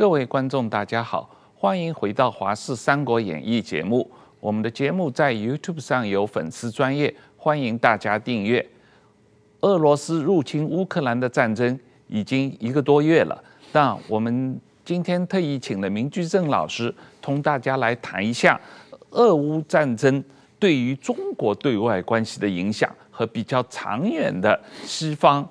各位觀眾，大家好，歡迎回到《華視三國演議》節目。我們的節目在 YouTube 上有粉絲專頁，歡迎大家訂閱。俄羅斯入侵烏克蘭的戰爭已經一個多月了，但我們今天特意請了明居正老師，同大家來談一下，俄烏戰爭對於中國對外關係的影響和比較長遠的西方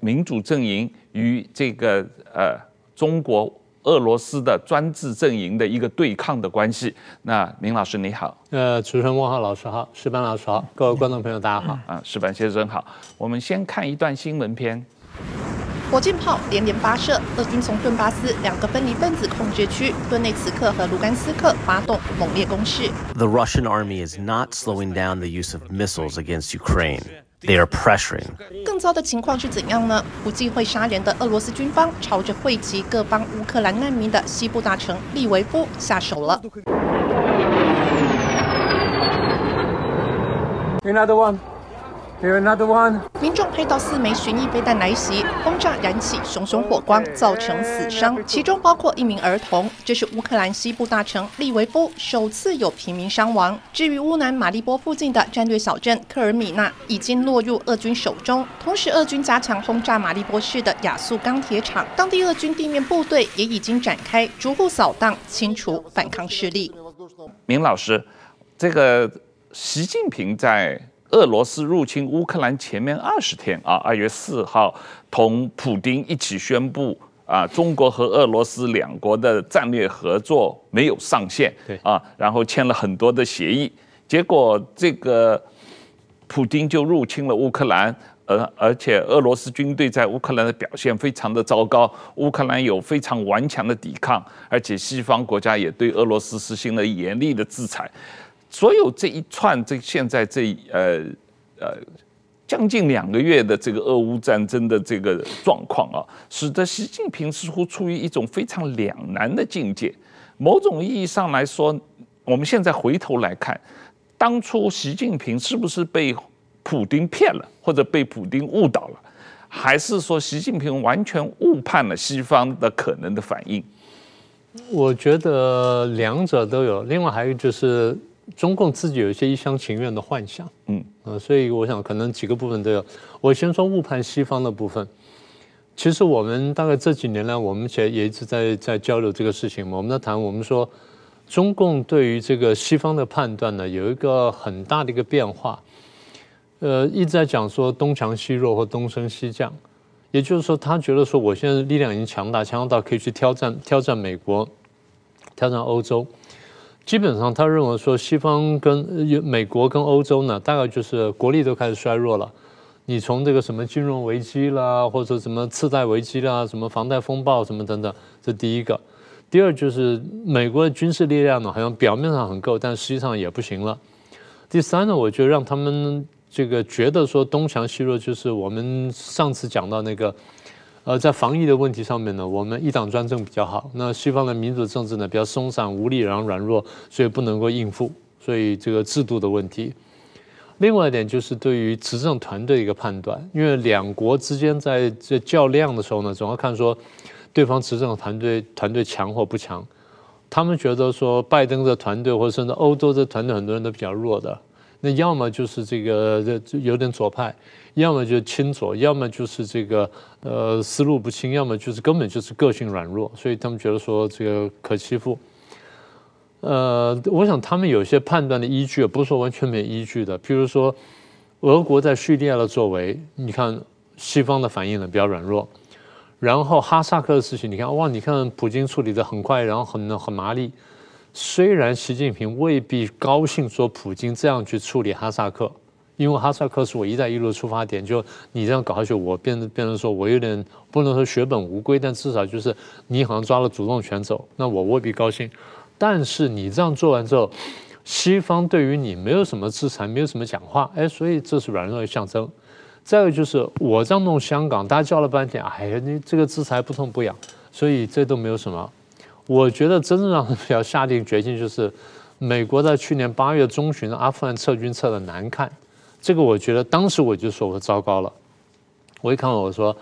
民主陣營與這個呃中國。俄羅斯的專制陣營的一個對抗的關係。那明老師你好。呃，主持人汪浩老師好，矢板老師好，各位觀眾朋友大家好。嗯嗯、啊，矢板先生好。我們先看一段新聞片。火箭炮連連發射，俄軍從頓巴斯兩個分離分子控制區頓內茨克和盧甘斯克發動猛烈攻勢。The Russian army is not slowing down the use of missiles against Ukraine. They are pressuring，更糟的情況是怎樣呢？不忌諱殺人的俄羅斯軍方，朝着匯集各方烏克蘭難民的西部大城利維夫下手了。Another one. 民眾遭到四枚巡弋飛彈來襲，轟炸燃起熊熊火光，okay, 造成死傷，哎、其中包括一名兒童。這是烏克蘭西部大城利維夫首次有平民傷亡。至於烏南馬利波附近的戰略小鎮科爾米納，已經落入俄軍手中。同時，俄軍加強轟炸馬利波市的亞速鋼鐵廠，當地俄軍地面部隊也已經展開逐步掃蕩，清除反抗勢力。明老師，這個習近平在。俄羅斯入侵烏克蘭前面二十天啊，二月四號同普丁一起宣布啊，中國和俄羅斯兩國的戰略合作沒有上限。對啊，然後簽了很多的協議，結果這個普丁就入侵了烏克蘭，而、呃、而且俄羅斯軍隊在烏克蘭的表現非常的糟糕，烏克蘭有非常頑強的抵抗，而且西方國家也對俄羅斯實行了嚴厲的制裁。所有這一串這現在這呃呃將近兩個月的這個俄烏戰爭的這個狀況啊，使得習近平似乎處於一種非常兩難的境界。某種意義上來說，我們現在回頭來看，當初習近平是不是被普丁騙了，或者被普丁誤導了，還是說習近平完全誤判了西方的可能的反應？我覺得兩者都有。另外還有就是。中共自己有一些一廂情願的幻想，嗯、呃、所以我想可能幾個部分都有。我先說誤判西方的部分。其實我們大概這幾年來，我們也也一直在在交流這個事情嘛。我們在談，我們說中共對於這個西方的判斷呢，有一個很大的一個變化。呃，一直在講說東強西弱或東升西降，也就是說他覺得說我現在力量已經強大，強大到可以去挑戰挑戰美國，挑戰歐洲。基本上，他認為說西方跟美國跟歐洲呢，大概就是國力都開始衰弱了。你從這個什麼金融危機啦，或者說什麼次貸危機啦，什麼房貸風暴什麼等等，這第一個。第二就是美國的軍事力量呢，好像表面上很夠，但實際上也不行了。第三呢，我就讓他們這個覺得說東強西弱，就是我們上次講到那個，呃，而在防疫的問題上面呢，我們一黨專政比較好。那西方的民主政治呢，比較鬆散無力，然後軟弱，所以不能夠應付。所以這個制度的問題。另外一點就是對於執政團隊一個判斷，因為兩國之間在這較量的時候呢，總要看說對方執政團隊團隊強或不強。他們覺得說拜登的團隊或者甚至歐洲的團隊，很多人都比較弱的。那要麼就是這個有點左派，要麼就親左，要麼就是這個呃，思路不清，要麼就是根本就是個性軟弱，所以他們覺得說這個可欺負。呃，我想他們有些判斷的依據，不是說完全沒依據的。比如說，俄國在敘利亞的作為，你看西方的反應呢比較軟弱，然後哈薩克的事情，你看哇，你看普京處理的很快，然後很很麻利。雖然習近平未必高興說，普京這樣去處理哈薩克，因為哈薩克是我一帶一路的出發點，就你這樣搞下去，我變變成說我有點不能說血本無歸，但至少就是你好像抓了主動權走，那我未必高興。但是你這樣做完之後，西方對於你沒有什麼制裁，沒有什麼講話，哎，所以這是軟弱的象徵。再有就是我這樣弄香港，大家叫了半天，哎呀，你這個制裁不痛不癢，所以這都沒有什麼。我覺得真正讓他要下定決心，就是美國在去年八月中旬的阿富汗撤軍撤得難看，這個我覺得當時我就說我糟糕了。我一看我說，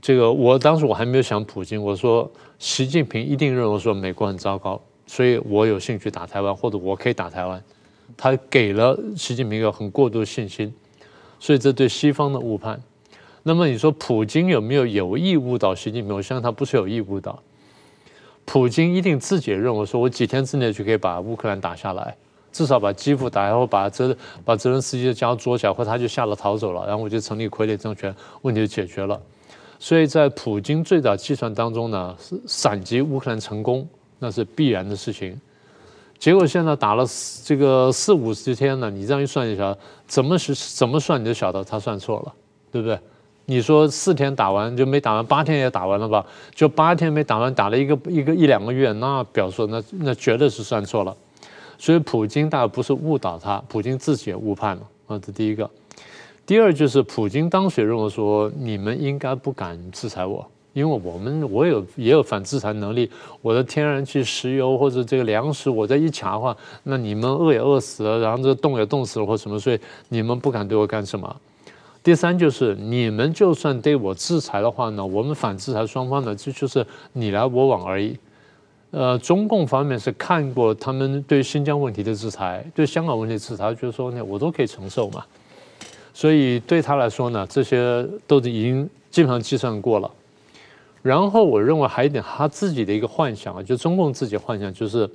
這個我當時我還沒有想普京，我說習近平一定認為說美國很糟糕，所以我有興趣打台灣或者我可以打台灣。他給了習近平一個很過度的信心，所以這對西方的誤判。那麼你說普京有沒有有意誤導習近平？我相信他不是有意誤導。普京一定自己也認為說，我幾天之內就可以把烏克蘭打下來，至少把基輔打下來，把澤，把澤連斯基就夾捉起來，或他就嚇得逃走了，然後我就成立傀儡政權，問題就解決了。所以在普京最早計算當中呢，是閃擊烏克蘭成功，那是必然的事情。結果現在打了這個四五十天呢，你這樣一算一下，怎麼是怎麼算你就曉得他算錯了，對不對？你說四天打完就沒打完，八天也打完了吧？就八天沒打完，打了一個一個，一，個一兩個月，那表示說那那絕對是算錯了。所以普京大不是誤導他，普京自己也誤判了啊。這第一個，第二就是普京當時認為說你們應該不敢制裁我，因為我們我有也有反制裁能力，我的天然氣、石油或者這個糧食，我在一卡的話，那你們餓也餓死了，然後這凍也凍死了或什麼，所以你們不敢對我幹什麼。第三就是你們就算對我制裁的話呢，我們反制裁雙方呢，這就，就是你來我往而已。呃，中共方面是看過他們對新疆問題的制裁，對香港問題的制裁，就是說呢我都可以承受嘛。所以對他來說呢，這些都已經基本上計算過了。然後我認為還有一點他自己的一個幻想啊，就中共自己的幻想就是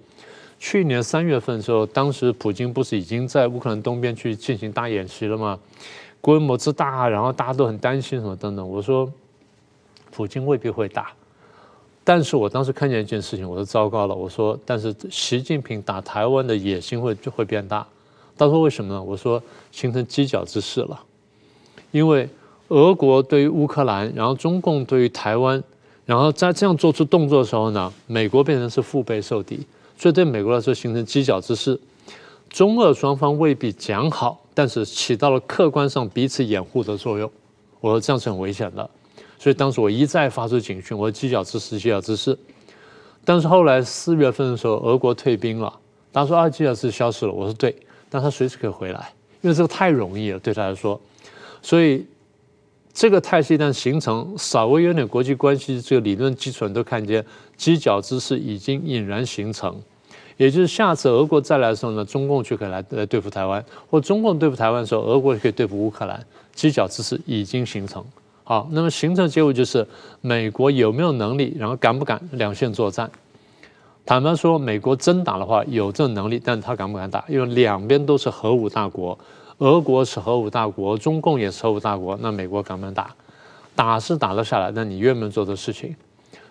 去年三月份的時候，當時普京不是已經在烏克蘭東邊去進行大演習了嗎？規模之大，然後大家都很擔心什麼等等。我說，普京未必會打，但是我當時看見一件事情，我就糟糕了。我說，但是習近平打台灣的野心會就會變大。他說為什麼呢？我說形成犄角之勢了，因為俄國對於烏克蘭，然後中共對於台灣，然後在這樣做出動作的時候呢，美國變成是腹背受敵，所以對美國來說形成犄角之勢。中俄雙方未必講好。但是起到了客觀上彼此掩護的作用，我說這樣是很危險的，所以當時我一再發出警訊。我說犄角之勢，犄角之勢。但是後來四月份的時候，俄國退兵了，他說啊，犄角之勢消失了。我說對，但他隨時可以回來，因為這個太容易了，對他來說。所以這個態勢一旦形成，稍微有點國際關係這個理論基礎人，都看見犄角之勢已經儼然形成。也就是下次俄國再來的時候呢，中共就可以來來對付台灣；或中共對付台灣的時候，俄國也可以對付烏克蘭。犄角之勢已經形成。好，那麼形成的結果就是美國有沒有能力，然後敢不敢兩線作戰？坦白說，美國真打的話有這個能力，但是他敢不敢打？因為兩邊都是核武大國，俄國是核武大國，中共也是核武大國。那美國敢不敢打？打是打得下來，但你願不願意做的事情？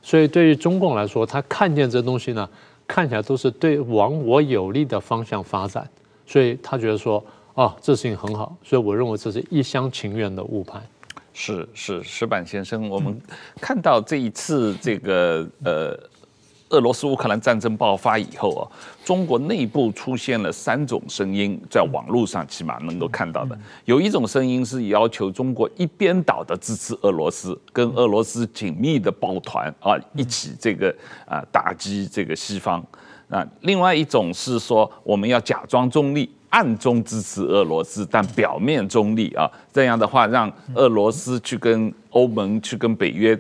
所以對於中共來說，他看見這東西呢。看起來都是對往我有利的方向發展，所以他覺得說，啊、哦，這事情很好，所以我認為這是一廂情願的誤判。是是，矢板先生，我們看到這一次這個、嗯、呃。俄羅斯烏克蘭戰爭爆發以後啊，中國內部出現了三種聲音，在網絡上起碼能夠看到的，有一種聲音是要求中國一邊倒的支持俄羅斯，跟俄羅斯緊密的抱團啊，一起這個啊打擊這個西方啊，那另外一種是說，我們要假裝中立，暗中支持俄羅斯，但表面中立啊，這樣的話讓俄羅斯去跟歐盟去跟北約。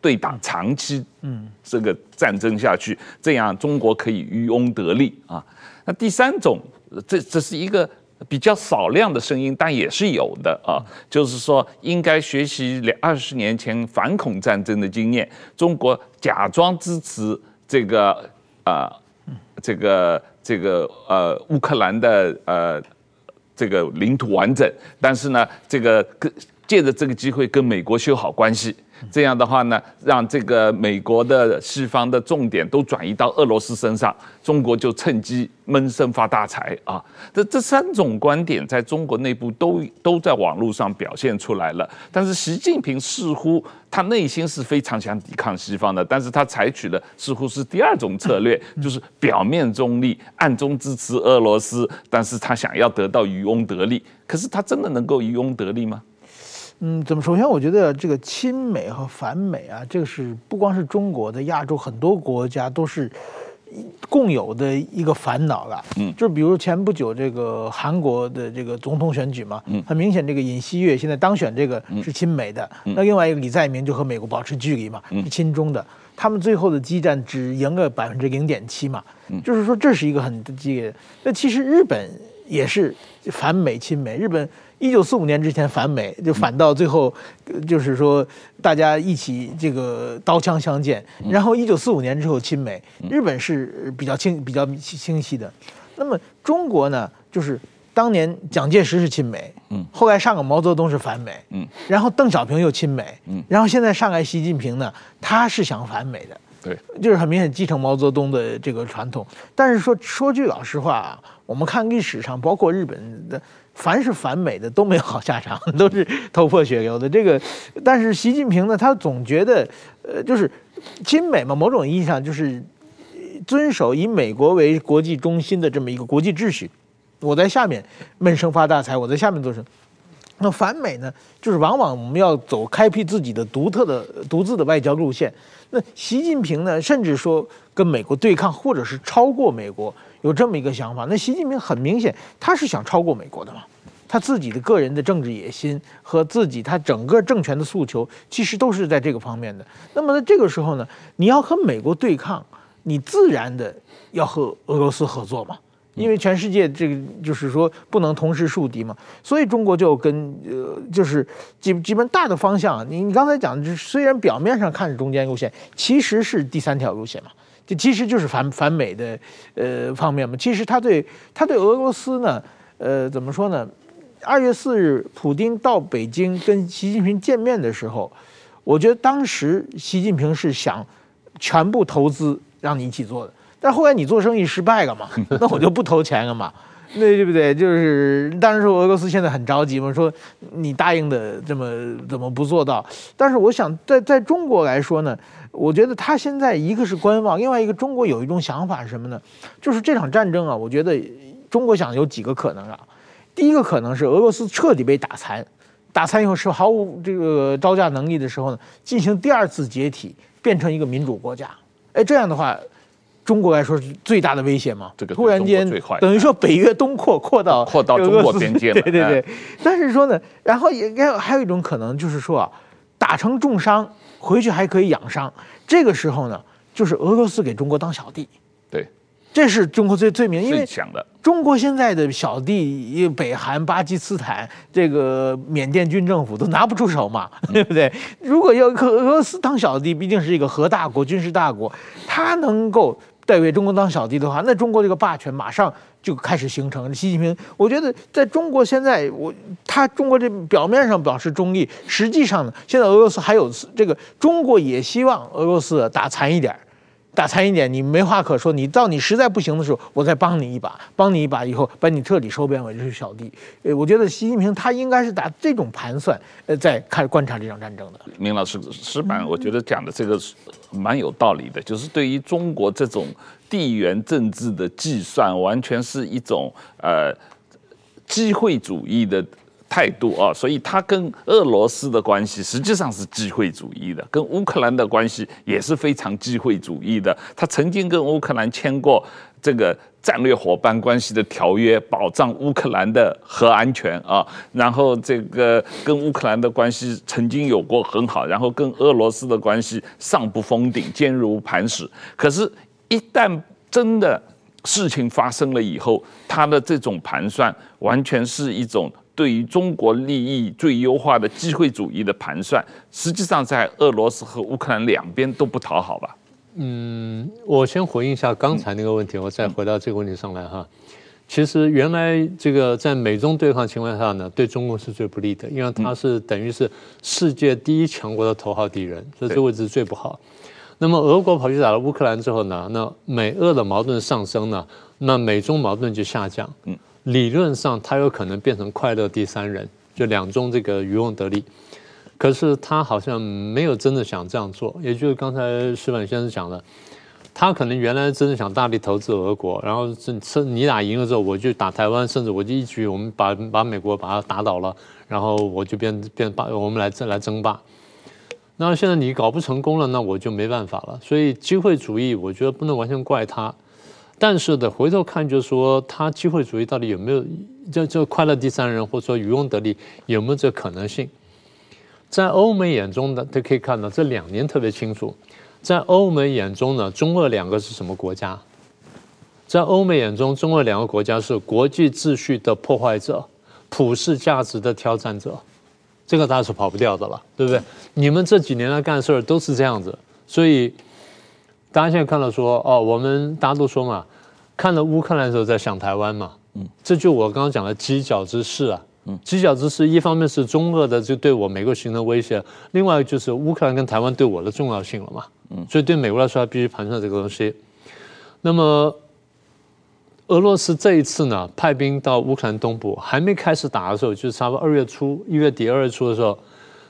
對打長期，嗯，這個戰爭下去，這樣中國可以漁翁得利啊。那第三種，這這是一個比較少量的聲音，但也是有的啊。就是說，應該學習二十年前反恐戰爭的經驗，中國假裝支持這個啊、呃，這個這個呃烏克蘭的呃這個領土完整，但是呢，這個跟借着這個機會跟美國修好關係。這樣的話呢，讓這個美國的西方的重點都轉移到俄羅斯身上，中國就趁機悶聲發大財啊！這這三種觀點在中國內部都都在網絡上表現出來了。但是習近平似乎他內心是非常想抵抗西方的，但是他採取的似乎是第二種策略，就是表面中立，暗中支持俄羅斯，但是他想要得到漁翁得利。可是他真的能夠漁翁得利嗎？嗯，怎麼？首先，我覺得這個親美和反美啊，這個是不光是中國的，亞洲很多國家都是共有的一個煩惱了。嗯，就比如前不久這個韓國的這個總統選舉嘛，很明顯這個尹錫悅現在當選這個是親美的，那另外一個李在明就和美國保持距離嘛，是親中的。他們最後的激戰只贏個百分之零點七嘛，就是說這是一個很激烈的。那其實日本也是反美親美，日本。一九四五年之前反美，就反到最後，就是說大家一起這個刀槍相見。然後一九四五年之後親美，日本是比較清比較清晰的。那麼中國呢，就是當年蔣介石是親美，後來上個毛澤東是反美，然後鄧小平又親美，然後現在上來習近平呢，他是想反美的，對，就是很明顯繼承毛澤東的這個傳統。但是說說句老實話，啊，我們看歷史上包括日本的。凡是反美的都沒有好下場，都是頭破血流的。這個，但是習近平呢，他總覺得，呃，就是親美嘛，某種意義上就是遵守以美國為國際中心的這麼一個國際秩序。我在下面悶聲發大財，我在下面做什麼？那反美呢，就是往往我們要走開闢自己的獨特的、獨自的外交路線。那習近平呢，甚至說跟美國對抗，或者是超過美國。有這麼一個想法，那習近平很明顯，他是想超過美國的嘛。他自己的個人的政治野心和自己他整個政權的訴求，其實都是在這個方面的。那麼在這個時候呢，你要和美國對抗，你自然的要和俄羅斯合作嘛，因為全世界這個就是說不能同時樹敵嘛。所以中國就跟呃，就是基基本大的方向，你你剛才講的，就是雖然表面上看着中間路線，其實是第三條路線嘛。這其實就是反反美的呃方面嘛。其實他對他對俄羅斯呢，呃，怎麼說呢？二月四日，普丁到北京跟習近平見面的時候，我覺得當時習近平是想全部投資讓你一起做的。但後來你做生意失敗了嘛，那我就不投錢了嘛？那對不對？就是當時俄羅斯現在很着急嘛，說你答應的這麼怎麼不做到？但是我想，在在中國來說呢。我覺得他現在一個是觀望，另外一個中國有一種想法是什麼呢？就是這場戰爭啊，我覺得中國想有幾個可能啊。第一個可能是俄羅斯徹底被打殘，打殘以後是毫無這個招架能力的時候呢，進行第二次解體，變成一個民主國家。哎，這樣的話，中國來說是最大的威脅嘛？這個突然間等於說北約東擴，擴到擴到中國邊界了。對對對。但是說呢，然後也還有一種可能就是說，啊，打成重傷。回去還可以養傷，這個時候呢，就是俄羅斯給中國當小弟，對，這是中國最最名義最強的。中國現在的小弟，北韓、巴基斯坦，這個緬甸軍政府都拿不出手嘛，嗯、 對不對？如果要和俄羅斯當小弟，畢竟是一個核大國、軍事大國，他能夠代表中國當小弟的話，那中國這個霸權馬上。就開始形成。習近平，我覺得在中國現在，我他中國這表面上表示中立，實際上呢，現在俄羅斯還有這個中國也希望俄羅斯打殘一點，打殘一點，你沒話可說。你到你實在不行的時候，我再幫你一把，幫你一把以後把你徹底收編為是小弟。呃，我覺得習近平他應該是打這種盤算，呃，在開始觀察這場戰爭的。明老師，矢板，我覺得講的這個蠻有道理的，就是對於中國這種。地緣政治的計算完全是一種呃機會主義的態度啊，所以他跟俄羅斯的關係實際上是機會主義的，跟烏克蘭的關係也是非常機會主義的。他曾經跟烏克蘭簽過這個戰略伙伴關係的條約，保障烏克蘭的核安全啊。然後這個跟烏克蘭的關係曾經有過很好，然後跟俄羅斯的關係上不封頂，堅如磐石。可是。一旦真的事情發生了以後，他的這種盤算完全是一種對於中國利益最優化的機會主義的盤算，實際上在俄羅斯和烏克蘭兩邊都不討好吧？嗯，我先回應一下剛才那個問題，嗯、我再回到這個問題上來哈。其實原來這個在美中對抗情況下呢，對中國是最不利的，因為他是等於是世界第一強國的頭號敵人，嗯、所以這位置最不好。那麼俄國跑去打了烏克蘭之後呢，那美俄的矛盾上升呢，那美中矛盾就下降。嗯，理論上它，有可能變成快樂第三人，就兩中這個漁翁得利。可是他好像沒有真的想這樣做。也就是剛才矢板先生講的，他可能原來真的想大力投資俄國，然後你打贏了之後，我就打台灣，甚至我就一舉，我們把把美國把它打倒了，然後我就變變霸，我們來來爭霸。那現在你搞不成功了，那我就沒辦法了。所以機會主義，我覺得不能完全怪他，但是得回頭看就是說，就說他機會主義到底有沒有，就就快樂第三人，或者說漁翁得利，有沒有這可能性？在歐美眼中的，都可以看到這兩年特別清楚，在歐美眼中呢，中俄兩個是什麼國家？在歐美眼中，中俄兩個國家是國際秩序的破壞者，普世價值的挑戰者。這個他是跑不掉的了，對不對？你們這幾年來幹的事兒都是這樣子，所以大家現在看到說哦，我們大家都說嘛，看到烏克蘭的時候在想台灣嘛，嗯，這就我剛剛講的犄角之勢啊，嗯，犄角之勢一方面是中俄的就對我美國形成的威脅，另外就是烏克蘭跟台灣對我的重要性了嘛，嗯，所以對美國來說還必須盤算這個東西，那麼。俄羅斯這一次呢派兵到烏克蘭東部，還沒開始打的時候，就是差不多二月初、一月底、二月初的時候，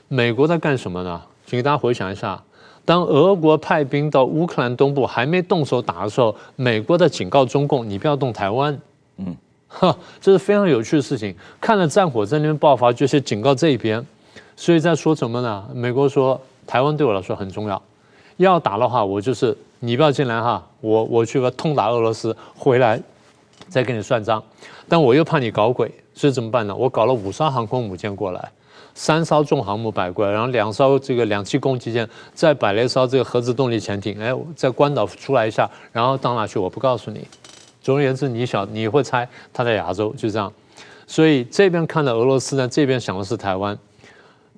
美國在幹什麼呢？請給大家回想一下，當俄國派兵到烏克蘭東部還沒動手打的時候，美國在警告中共：你不要動台灣。嗯，哈，這是非常有趣的事情。看了戰火在那邊爆發，就是警告這一邊。所以在說什麼呢？美國說台灣對我來說很重要，要打的話，我就是你不要進來哈，我我去把痛打俄羅斯回來。再跟你算賬，但我又怕你搞鬼，所以怎麼辦呢？我搞了五艘航空母艦過來，三艘重航母擺過來，然後兩艘這個兩棲攻擊艦再擺了一艘這個核子動力潛艇，哎，我在關島出來一下，然後到哪去我不告訴你。總而言之你，你想你會猜他在亞洲，就這樣。所以這邊看到俄羅斯呢，這邊想的是台灣。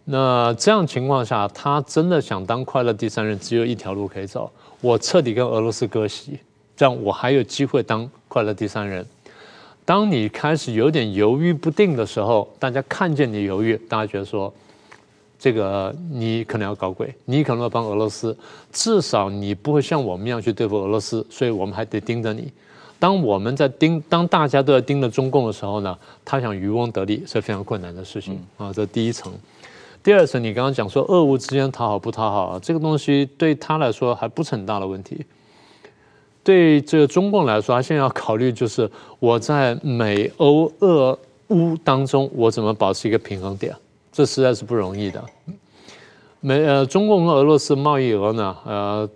那這樣情況下，他真的想當快樂第三人，只有一條路可以走：我徹底跟俄羅斯割席，這樣我還有機會當。快樂第三人，當你開始有點猶豫不定的時候，大家看見你猶豫，大家覺得說，這個你可能要搞鬼，你可能要幫俄羅斯，至少你不會像我們一樣去對付俄羅斯，所以我們還得盯着你。當我們在盯，當大家都在盯着中共的時候呢，他想漁翁得利是非常困難的事情，嗯，啊。這第一層，第二層，你剛剛講說俄烏之間討好不討好，這個東西對他來說還不是很大的問題。對這個中共來說，他現在要考慮就是，我在美、歐、俄、烏當中，我怎麼保持一個平衡點？這實在是不容易的。美呃，中共跟俄羅斯貿易額呢，呃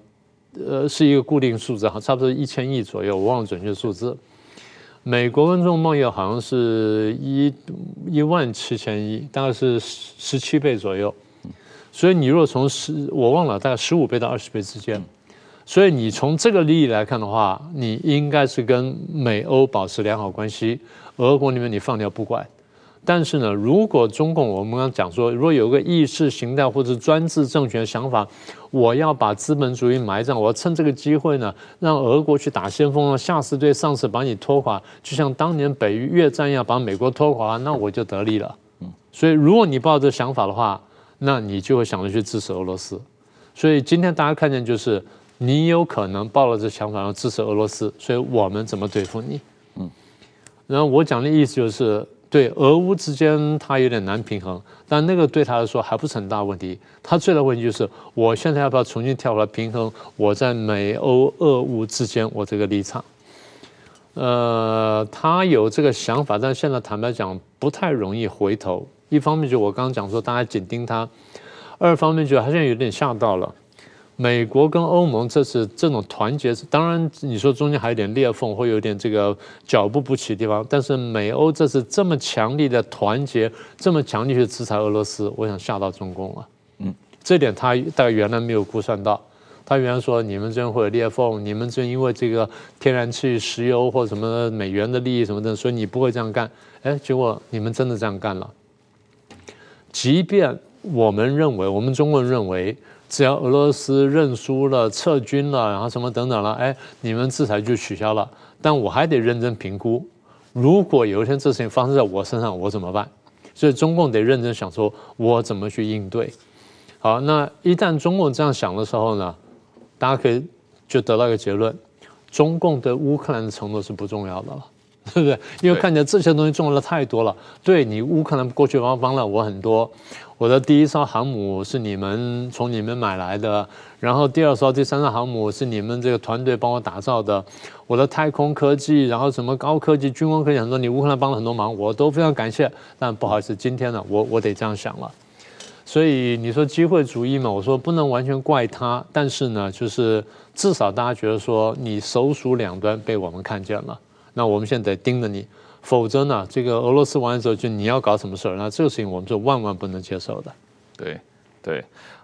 呃，是一個固定數字，差不多一千億左右，我忘了準確數字。美國跟中國貿易額好像是一一萬七千億，大概是十十七倍左右。所以你若從十，我忘了，大概十五倍到二十倍之間。所以你從這個利益來看的話，你應該是跟美歐保持良好關係，俄國那邊你放掉不管。但是呢，如果中共我們剛剛講說，如果有個意識形態或者專制政權的想法，我要把資本主義埋葬，我要趁這個機會呢，讓俄國去打先鋒，下次對上次把你拖垮，就像當年北越戰一樣把美國拖垮，那我就得利了。嗯，所以如果你抱這個想法的話，那你就會想着去支持俄羅斯。所以今天大家看見就是，你有可能抱了這想法，要支持俄羅斯，所以我們怎麼對付你？嗯，然後我講的意思就是，對俄烏之間他有點難平衡，但那個對他來說還不是很大問題。他最大問題就是，我現在要不要重新跳出來平衡我在美歐、俄烏、俄烏之間我這個立場？呃，他有這個想法，但現在坦白講不太容易回頭。一方面就我剛剛講說大家緊盯他，二方面就他現在有點嚇到了。美國跟歐盟這次這種團結是，當然你說中間還有點裂縫，會有點這個腳步不齊的地方。但是美歐這次這麼強力的團結，這麼強力去制裁俄羅斯，我想嚇到中共了。嗯，這點他大概原來沒有估算到，他原來說，你們這會有裂縫，你們這因為這個天然氣、石油或者什麼美元的利益什麼的，所以你不會這樣幹。誒、哎，結果你們真的這樣幹了。即便我們認為，我們中國人認為。只要俄羅斯認輸了，撤軍了，然後什麼等等了，哎，你們制裁就取消了。但我還得認真評估，如果有一天這事情發生在我身上，我怎麼辦？所以中共得認真想，說我怎麼去應對。好，那一旦中共這樣想的時候呢，大家可以就得到一個結論：中共對烏克蘭的承諾是不重要的了，對不對？因為看起來這些東西重要的太多了。對，你烏克蘭過去幫幫了我很多。我的第一艘航母是你們從你們買來的，然後第二艘、第三艘航母是你們這個團隊幫我打造的。我的太空科技，然後什麼高科技、軍工科技，很多你烏克蘭幫了很多忙，我都非常感謝。但不好意思，今天呢，我我得這樣想了。所以你說機會主義嘛，我說不能完全怪他，但是呢，就是至少大家覺得說你首鼠兩端被我們看見了，那我們現在得盯着你。否則呢，這個俄羅斯完了之後，就你要搞什麼事兒？那這個事情我們就萬萬不能接受的。對，對，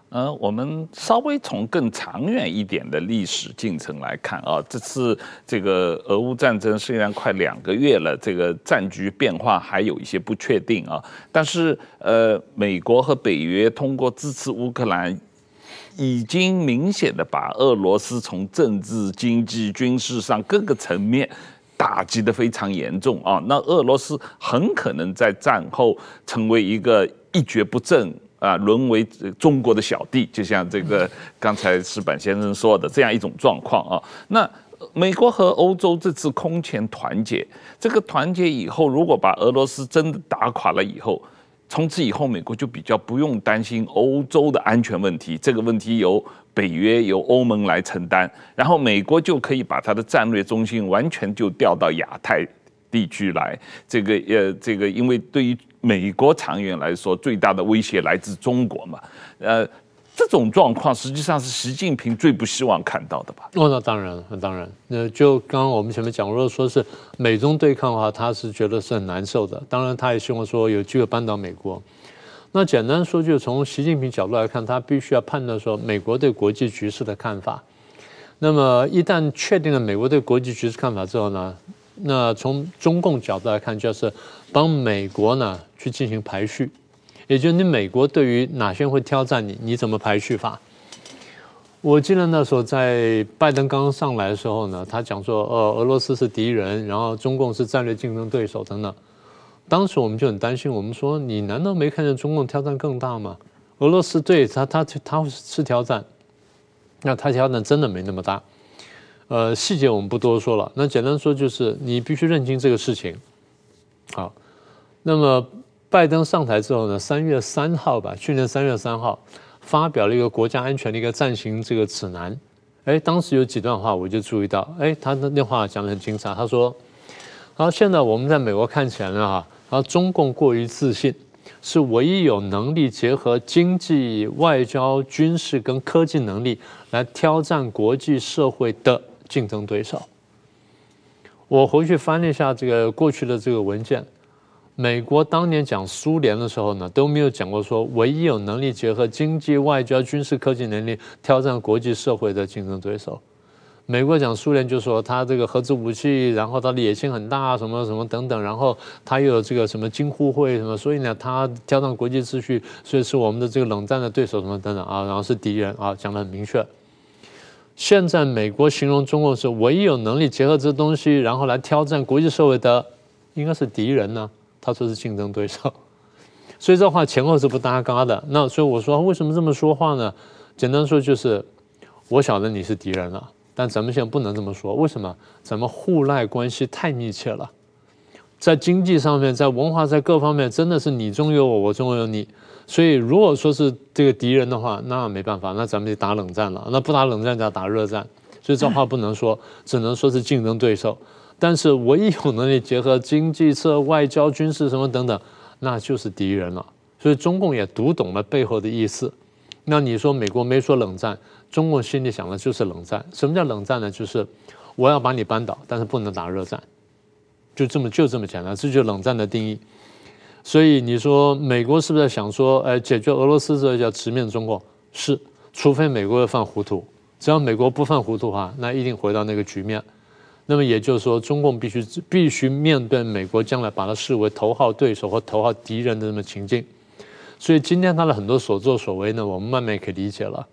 呃，我們稍微從更長遠一點的歷史進程來看啊，這次這個俄烏戰爭雖然快兩個月了，這個戰局變化還有一些不確定啊，但是呃，美國和北約通過支持烏克蘭，已經明顯的把俄羅斯從政治、經濟、軍事上各個層面。打擊得非常嚴重啊！那俄羅斯很可能在戰後成為一個一蹶不振啊，淪為中國的小弟，就像這個剛才矢板先生說的這樣一種狀況啊。那美國和歐洲這次空前團結，這個團結以後，如果把俄羅斯真的打垮了以後，從此以後美國就比較不用擔心歐洲的安全問題，這個問題有。北約由歐盟來承擔，然後美國就可以把它的戰略中心完全就調到亞太地區來。這個呃，這個因為對於美國長遠來說，最大的威脅來自中國嘛。呃，這種狀況實際上是習近平最不希望看到的吧？哦，那當然，那當然。那就剛剛我們前面講，如果說是美中對抗的話，他是覺得是很難受的。當然，他也希望說有機會扳倒美國。那簡單說，就從習近平角度來看，他必須要判斷說美國對國際局勢的看法。那麼一旦確定了美國對國際局勢看法之後呢，那從中共角度來看，就是幫美國呢去進行排序，也就是你美國對於哪些會挑戰你，你怎麼排序法？我記得那時候在拜登剛剛上來的時候呢，他講說，呃、哦，俄羅斯是敵人，然後中共是戰略競爭對手等等。當時我們就很擔心，我們說你難道沒看見中共挑戰更大嗎？俄羅斯對他他他,他是挑戰，那他挑戰真的沒那麼大，呃，細節我們不多說了。那簡單說就是你必須認清這個事情。好，那麼拜登上台之後呢，三月三號吧，去年三月三號發表了一個國家安全的一個暫行這個指南。哎，當時有幾段話我就注意到，哎，他的那話講得很精彩。他說，好，現在我們在美國看起來呢哈。而中共過於自信，是唯一有能力結合經濟、外交、軍事跟科技能力來挑戰國際社會的競爭對手。我回去翻了一下這個過去的這個文件，美國當年講蘇聯的時候呢，都沒有講過說唯一有能力結合經濟、外交、軍事、科技能力挑戰國際社會的競爭對手。美國講蘇聯就說他這個核子武器，然後他的野心很大，什麼什麼等等，然後他又有這個什麼經互會、什麼，所以呢，他挑戰國際秩序，所以是我們的這個冷戰的對手什麼等等啊，然後是敵人啊，講得很明確。現在美國形容中共是唯一有能力結合這東西，然後來挑戰國際社會的，應該是敵人呢？啊，他說是競爭對手，所以這話前後是不搭嘎的。那所以我說為什麼這麼說話呢？簡單說就是我曉得你是敵人了。但咱們現在不能這麼說，為什麼？咱們互賴關係太密切了，在經濟上面，在文化，在各方面，真的是你中有我，我中有你。所以如果說是這個敵人的話，那沒辦法，那咱們就打冷戰了。那不打冷戰就要打熱戰？所以這話不能說，嗯、只能說是競爭對手。但是，我一有能力結合經濟、策、外交、軍事什麼等等，那就是敵人了。所以中共也讀懂了背後的意思。那你說美國沒說冷戰？中共心裡想的就是冷戰。什麼叫冷戰呢？就是我要把你扳倒，但是不能打熱戰，就這麼就這麼簡單。這就是冷戰的定義。所以你說美國是不是在想說，呃、哎，解決俄羅斯是要直面中國？是，除非美國要犯糊塗。只要美國不犯糊塗的話，那一定回到那個局面。那麼也就是說，中共必須必須面對美國將來把它視為頭號對手或頭號敵人的那麼情境。所以今天他的很多所作所為呢，我們慢慢可以理解了。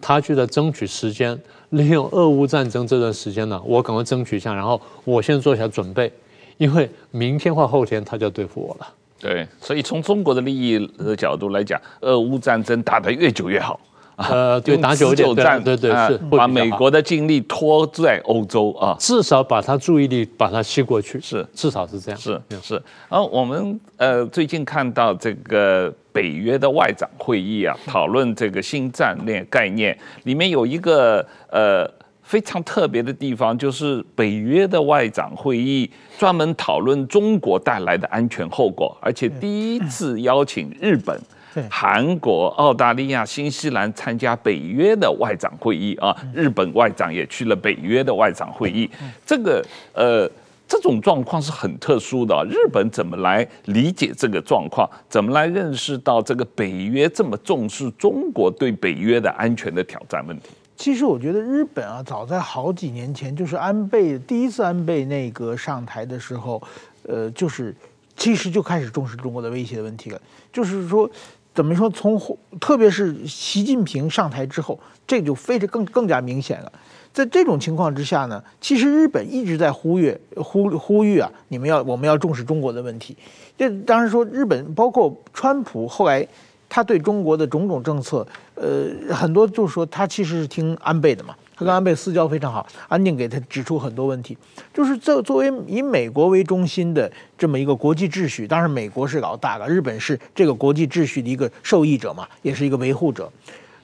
他就在爭取時間，利用俄烏戰爭這段時間呢，我趕快爭取一下，然後我先做一下準備，因為明天或後天他就要對付我了。對，所以從中國的利益的角度來講，俄烏戰爭打得越久越好。呃，就打持久戰，對對是，把美國的精力拖在歐洲啊，至少把他注意力把他吸過去，是，至少是這樣，是是。而、嗯啊、我們呃最近看到這個北約的外長會議啊，討論這個新戰略概念，裡面有一個呃非常特別的地方，就是北約的外長會議專門討論中國帶來的安全後果，而且第一次邀請日本。嗯對韓國、澳大利亞、新西蘭參加北約的外長會議啊，日本外長也去了北約的外長會議。嗯，這個呃，這種狀況是很特殊的。日本怎麼來理解這個狀況？怎麼來認識到這個北約這麼重視中國對北約的安全的挑戰問題？其實我覺得日本啊，早在好幾年前，就是安倍第一次安倍內閣上台的時候，呃，就是其實就開始重視中國的威脅的問題了，就是說。怎麼說，從特別是習近平上台之後，這就非得更更加明顯了。在這種情況之下呢，其實日本一直在呼籲呼呼籲啊，你們要我們要重視中國的問題。這當然說日本包括川普後來，他對中國的種種政策，呃，很多就是說他其實是聽安倍的嘛。他跟安倍私交非常好，安倍給他指出很多問題，就是在作為以美國為中心的這麼一個國際秩序，當然美國是老大了，日本是這個國際秩序的一個受益者嘛，也是一個維護者。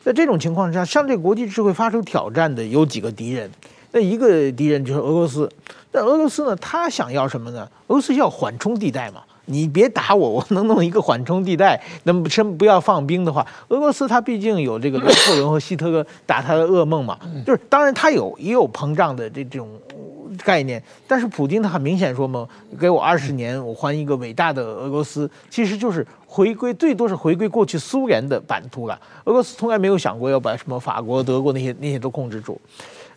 在這種情況下，向這個國際社會發生挑戰的有幾個敵人，那一個敵人就是俄羅斯。那俄羅斯呢，他想要什麼呢？俄羅斯要緩衝地帶嘛。你別打我，我能弄一個緩衝地帶。那麼，先不要放兵的話，俄羅斯它畢竟有這個拿破崙 和希特勒打他的噩夢嘛，就是當然他有也有膨脹的這這種概念。但是普京他很明顯說嘛，給我二十年，我還一個偉大的俄羅斯，其實就是回歸，最多是回歸過去蘇聯的版圖了。俄羅斯從來沒有想過要把什麼法國、德國那些那些都控制住。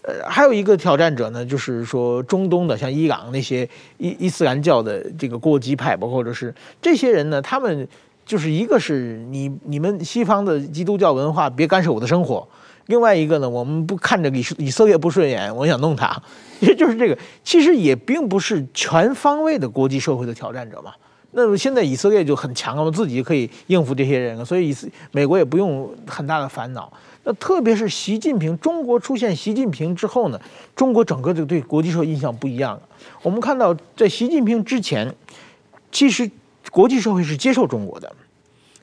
呃，還有一個挑戰者呢，就是說中東的，像伊朗那些伊伊斯蘭教的這個過激派，包括或者是這些人呢，他們就是一個是你你們西方的基督教文化，別干涉我的生活；另外一個呢，我們不看着以以色列不順眼，我想弄他，也就是這個，其實也並不是全方位的國際社會的挑戰者嘛。那麼現在以色列就很強了，我自己可以應付這些人，所以以美國也不用很大的煩惱。那特別是習近平，中國出現習近平之後呢，中國整個就對國際社會印象不一樣了。我們看到，在習近平之前，其實國際社會是接受中國的，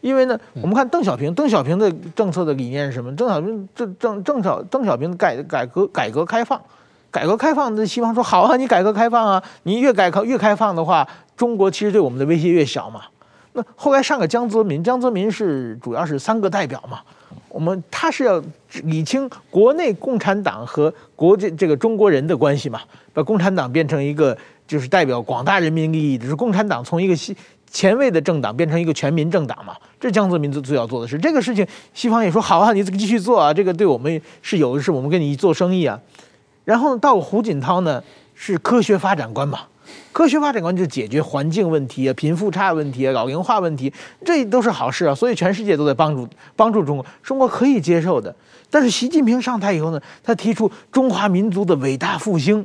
因為呢，我們看鄧小平，嗯、鄧小平的政策的理念是什麼？鄧小平政政鄧小鄧小平改改革改革開放，改革開放那西方說好啊，你改革開放啊，你越改革越開放的話，中國其實對我們的威脅越小嘛。那後來上個江澤民，江澤民是主要是三個代表嘛。我們他是要理清國內共產黨和國際這個中國人的關係嘛，把共產黨變成一個就是代表廣大人民利益就是共產黨，從一個前衛的政黨變成一個全民政黨嘛，這江澤民最最要做的是這個事情。西方也說好啊，你這個繼續做啊，這個對我們是有的，是我們跟你做生意啊。然後到胡錦濤呢，是科學發展觀嘛。科學發展觀就解決環境問題啊、貧富差問題啊、老齡化問題，這都是好事啊。所以全世界都在幫助幫助中國，中國可以接受的。但是習近平上台以後呢，他提出中華民族的偉大復興，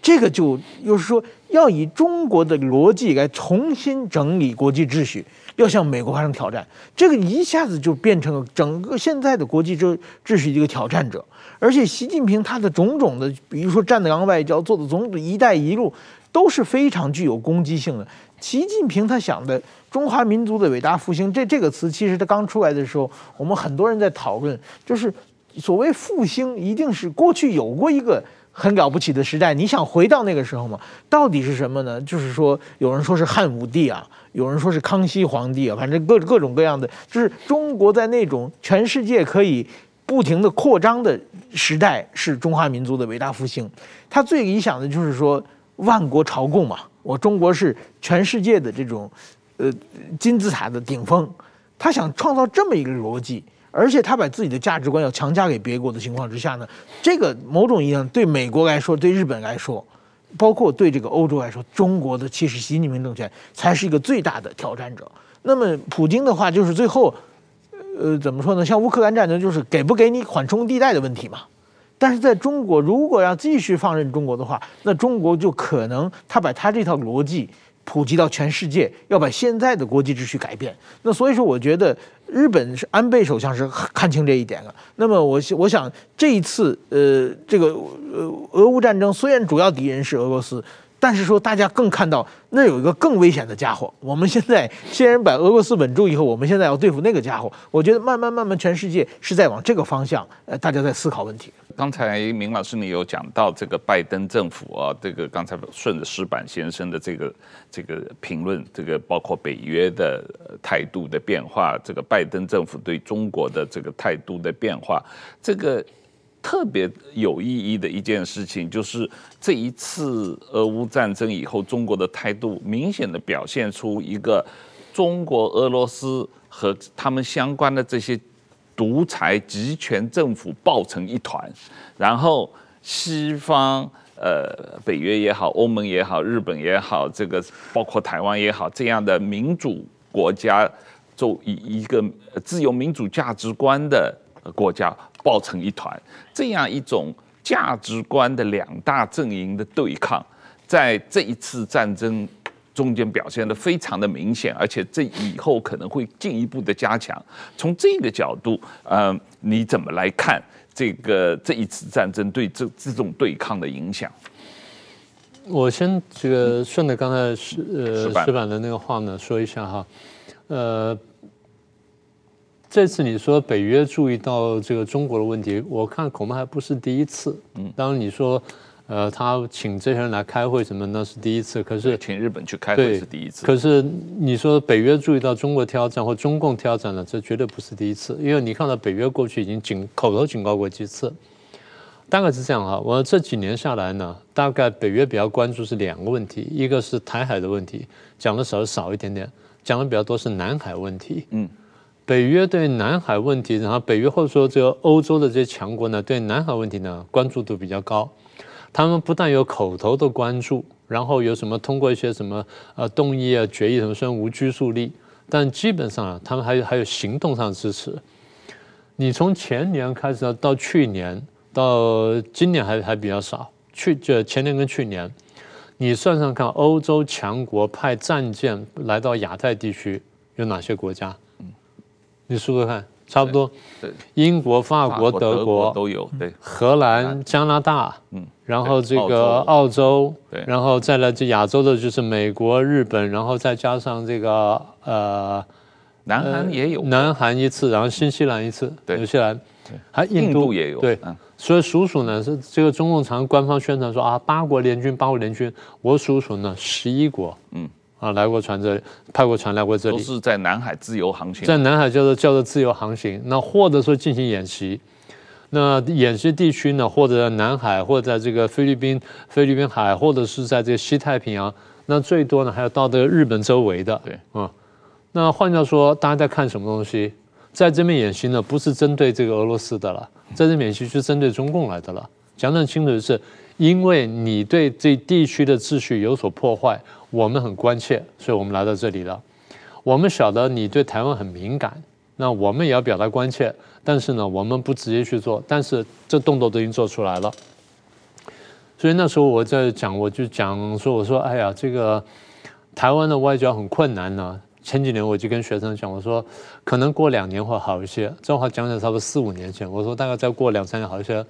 這個就又是說要以中國的邏輯來重新整理國際秩序，要向美國發生挑戰。這個一下子就變成了整個現在的國際秩秩序一個挑戰者。而且習近平他的種種的，比如說戰狼外交做的，總之一帶一路，都是非常具有攻擊性的。習近平他想的“中華民族的偉大復興”這這個詞，其實他剛出來的時候，我們很多人在討論，就是所謂復興，一定是過去有過一個很了不起的時代。你想回到那個時候嗎？到底是什麼呢？就是說，有人說是漢武帝啊，有人說是康熙皇帝啊，反正各各種各樣的，就是中國在那種全世界可以不停地擴張的時代，是中華民族的偉大復興。他最理想的就是說。萬國朝貢嘛，我中國是全世界的這種，呃，金字塔的頂峰，他想創造這麼一個邏輯，而且他把自己的價值觀要強加給別國的情況之下呢，這個某種意義上對美國來說，對日本來說，包括對這個歐洲來說，中國的其實習近平政權才是一個最大的挑戰者。那麼普京的話就是最後，呃，怎麼說呢？像烏克蘭戰爭就是給不給你緩衝地帶的問題嘛。但是在中國，如果要繼續放任中國的話，那中國就可能他把他這套邏輯普及到全世界，要把現在的國際秩序改變。那所以說，我覺得日本是安倍首相是看清這一點了。那麼我我想這一次，呃，這個呃，俄烏戰爭雖然主要敵人是俄羅斯。但是說，大家更看到那有一個更危險的家伙。我們現在先人把俄羅斯穩住以後，我們現在要對付那個家伙。我覺得慢慢慢慢，全世界是在往這個方向，呃，大家在思考問題。剛才明老師你有講到這個拜登政府啊，這個剛才順着矢板先生的這個這個評論，這個包括北約的態度的變化，這個拜登政府對中國的這個態度的變化，這個。特別有意義的一件事情，就是這一次俄烏戰爭以後，中國的態度明顯地表現出一個中國、俄羅斯和他們相關的這些獨裁集權政府抱成一團，然後西方，呃，北約也好，歐盟也好，日本也好，這個包括台灣也好，這樣的民主國家，做一一個自由民主價值觀的國家，抱成一團，這樣一種價值觀的兩大陣營的對抗，在這一次戰爭中間表現得非常的明顯，而且這以後可能會進一步的加強。從這個角度，呃，你怎麼來看這個這一次戰爭對這這種對抗的影響？我先這個順着剛才矢、嗯、呃矢板的那個話呢說一下哈，呃。這次你說北約注意到這個中國的問題，我看恐怕還不是第一次。當然你說，呃，他請這些人來開會什麼，那是第一次。可是，請日本去開會是第一次。可是你說北約注意到中國挑戰或中共挑戰了，這絕對不是第一次。因為你看到北約過去已經警口頭警告過幾次，大概是這樣哈。我這幾年下來呢，大概北約比較關注是兩個問題，一個是台海的問題，講的少少一點點，講的比較多是南海問題。嗯。北約對南海問題，然後北約或者說這個歐洲的這些強國呢，對南海問題呢關注度比較高。他們不但有口頭的關注，然後有什麼通過一些什麼呃動議啊、決議什麼，雖然無拘束力，但基本上他們還還有行動上支持。你從前年開始到去年到今年還還比較少，去就前年跟去年，你算算看，歐洲強國派戰艦來到亞太地區有哪些國家？你數數看，差不多。對，英國、法國、德國都有。對，荷蘭、加拿大。嗯。然後這個澳洲。對。然後再來這亞洲的就是美國、日本，然後再加上這個呃，南韓也有。南韓一次，然後新西蘭一次。對，新西蘭。對。還印度也有。對。所以數數呢是這個中共常官方宣傳說啊，八國聯軍八國聯軍，我數數呢十一國。嗯。啊，來過船，這派過船來過這裡，都是在南海自由航行，在南海叫做叫做自由航行。那或者說進行演習，那演習地區呢，或者南海，或者在這個菲律賓菲律賓海，或者是在這個西太平洋。那最多呢，還要到這個日本周圍的。對，啊、嗯，那換句話說，大家在看什麼東西？在這邊演習呢，不是針對這個俄羅斯的了，在這邊演習是針對中共來的了。講得很清楚的是。因為你對這地區的秩序有所破壞，我們很關切，所以我們來到這裡了。我們曉得你對台灣很敏感，那我們也要表達關切，但是呢，我們不直接去做，但是這動作都已經做出來了。所以那時候我在講，我就講說，我說，哎呀，這個台灣的外交很困難呢，啊。前幾年我就跟學生講，我說可能過兩年會好一些。這話講講差不多四五年前，我說大概再過兩三年好一些。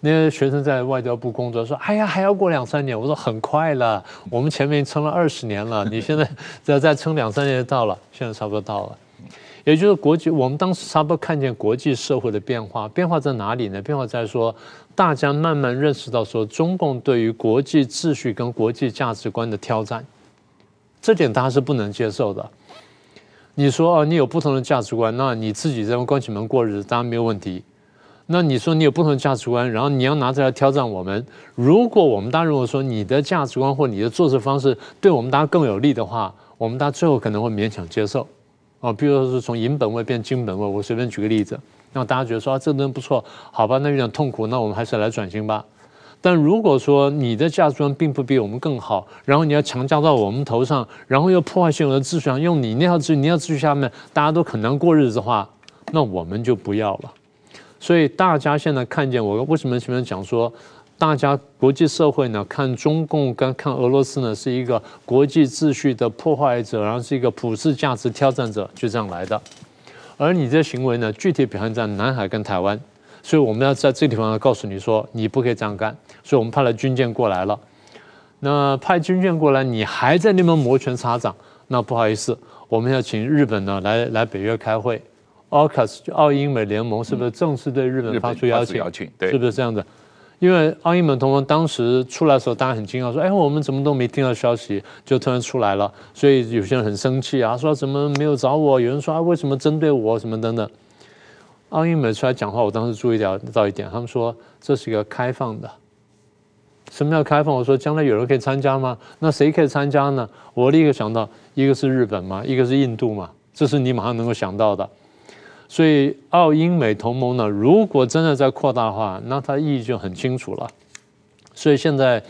那些學生在外交部工作，說：“哎呀，還要過兩三年。”我說：“很快了，我們前面撐了二十年了。你現在只要再撐兩三年就到了，現在差不多到了。也就是國際，我們當時差不多看見國際社會的變化。變化在哪裡呢？變化在說大家慢慢認識到說中共對於國際秩序跟國際價值觀的挑戰，這點大家是不能接受的。你說哦，你有不同的價值觀，那你自己在關起門過日子，當然沒有問題。”那你說你有不同的價值觀，然後你要拿出來挑戰我們。如果我們大家如果說你的價值觀或你的做事方式對我們大家更有利的話，我們大家最後可能會勉強接受。啊、哦，比如說是從銀本位變金本位，我隨便舉個例子，那大家覺得說啊這東西不錯，好吧，那有點痛苦，那我們還是來轉型吧。但如果說你的價值觀並不比我們更好，然後你要強加到我們頭上，然後又破壞現有的秩序上，用你那套秩序，你那套秩序下面大家都很難過日子的話，那我們就不要了。所以大家現在看見我為什麼前面講說，大家國際社會呢看中共跟看俄羅斯呢是一個國際秩序的破壞者，然後是一個普世價值挑戰者，就這樣來的。而你這行為呢，具體表現在南海跟台灣，所以我們要在這個地方告訴你說，你不可以這樣幹。所以我們派了軍艦過來了，那派軍艦過來，你還在那邊摩拳擦掌，那不好意思，我們要請日本呢來來北約開會。奧克斯就澳英美聯盟是不是正式對日本發出邀請？嗯、邀請，對，是不是這樣的？因為澳英美同盟當時出來的時候，大家很驚訝，說：“哎，我們怎麼都沒聽到消息，就突然出來了。”所以有些人很生氣啊，說：“怎麼沒有找我？”有人說、哎：“為什麼針對我？”什麼等等。澳英美出來講話，我當時注意到一點，他們說這是一個開放的。什麼叫開放？我說：“將來有人可以參加嗎？”那誰可以參加呢？我立刻想到，一個是日本嘛，一個是印度嘛，這是你馬上能夠想到的。所以，澳英美同盟呢，如果真的在擴大化，那它意義就很清楚了。所以現在，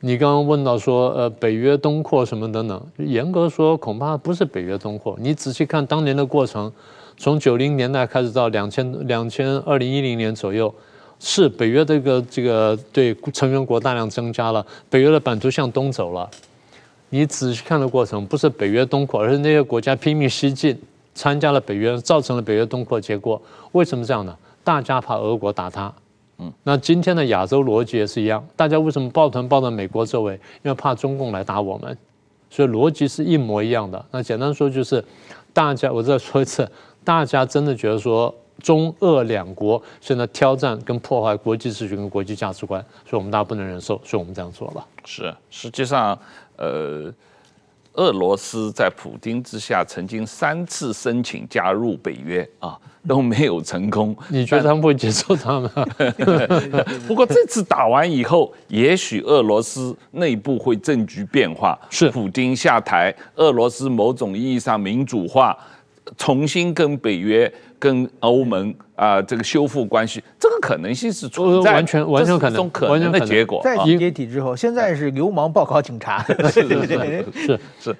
你剛剛問到說，呃，北約東擴什麼等等，嚴格說恐怕不是北約東擴。你仔細看當年的過程，從九零年代開始到兩千兩千二零一零年左右，是北約這個這個對成員國大量增加了，北約的版圖向東走了。你仔細看的過程，不是北約東擴，而是那些國家拼命西進。參加了北約，造成了北約東擴。結果為什麼這樣呢？大家怕俄國打他，嗯，那今天的亞洲邏輯也是一樣。大家為什麼抱團抱到美國周圍？因為怕中共來打我們，所以邏輯是一模一樣的。那簡單說就是，大家我再說一次，大家真的覺得說中俄兩國現在挑戰跟破壞國際秩序跟國際價值觀，所以我們大家不能忍受，所以我們這樣做了。是，實際上，呃。俄羅斯在普丁之下曾經三次申請加入北約啊，都沒有成功。你覺得他們但不會接受他們，啊？ 不過這次打完以後，也許俄羅斯內部會政局變化，是普丁下台，俄羅斯某種意義上民主化。重新跟北約、跟歐盟啊、呃，這個修復關係，這個可能性是存在，完全完全可能，完全的結果。在解體之後，以現在是流氓報考警察，是是是是，是是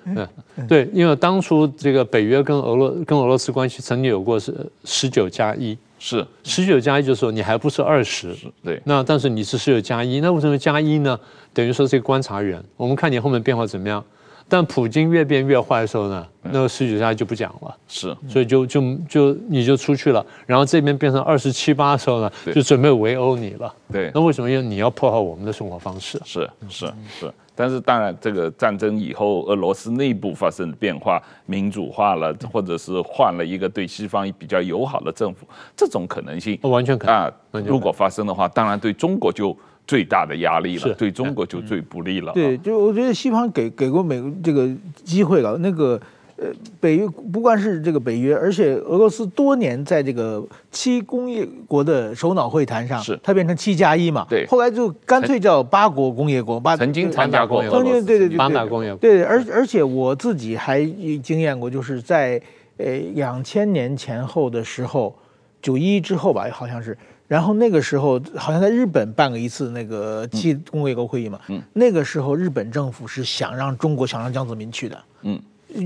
對，因為當初這個北約跟俄羅跟俄羅斯關係曾經有過是十九加一，1, 是十九加一，1就是說你還不是二十，對，那但是你是十九加一，1, 那為什麼加一呢？等於說這個觀察員，我們看你後面變化怎麼樣。但普京越變越壞的時候呢，那個十九家就不講了，是，所以就就就你就出去了，然後這邊變成二十七八的時候呢，對就準備圍毆你了。對，那為什麼要你要破壞我們的生活方式？是是是，但是當然，這個戰爭以後，俄羅斯內部發生變化，民主化了，或者是換了一個對西方比較友好的政府，這種可能性、哦、完全可能。如果發生的話，當然對中國就。最大的壓力了，是，對中國就最不利了。嗯、對，就我覺得西方給給過美國這個機會了。那個呃，北約不光是這個北約，而且俄羅斯多年在這個七工業國的首腦會談上，是它變成七加一嘛？對，後來就乾脆叫八國工業國。曾八,八曾經參加過，業曾經對對對對，八大工業國對。而而且我自己還經驗過，就是在呃兩千年前後的時候，九一之後吧，好像是。然後那個時候，好像在日本辦過一次那個七工業國會議嘛。嗯、那個時候，日本政府是想讓中國想讓江澤民去的，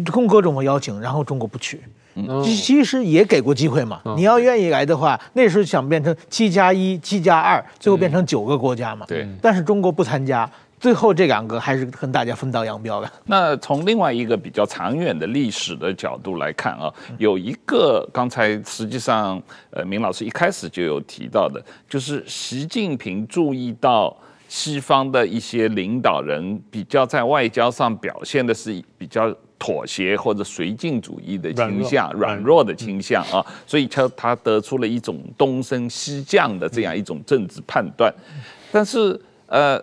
通過、嗯、各種邀請，然後中國不去。嗯、其實也給過機會嘛，哦、你要願意來的話，那時候想變成七加一、七加二，2, 最後變成九個國家嘛。嗯、對，但是中國不參加。最後這兩個還是跟大家分道揚鑣的。那從另外一個比較長遠的歷史的角度來看啊，有一個剛才實際上呃，明老師一開始就有提到的，就是習近平注意到西方的一些領導人比較在外交上表現的是比較妥協或者綏靖主義的傾向，軟弱，軟弱的傾向啊，嗯。所以他他得出了一種東升西降的這樣一種政治判斷，嗯。但是呃。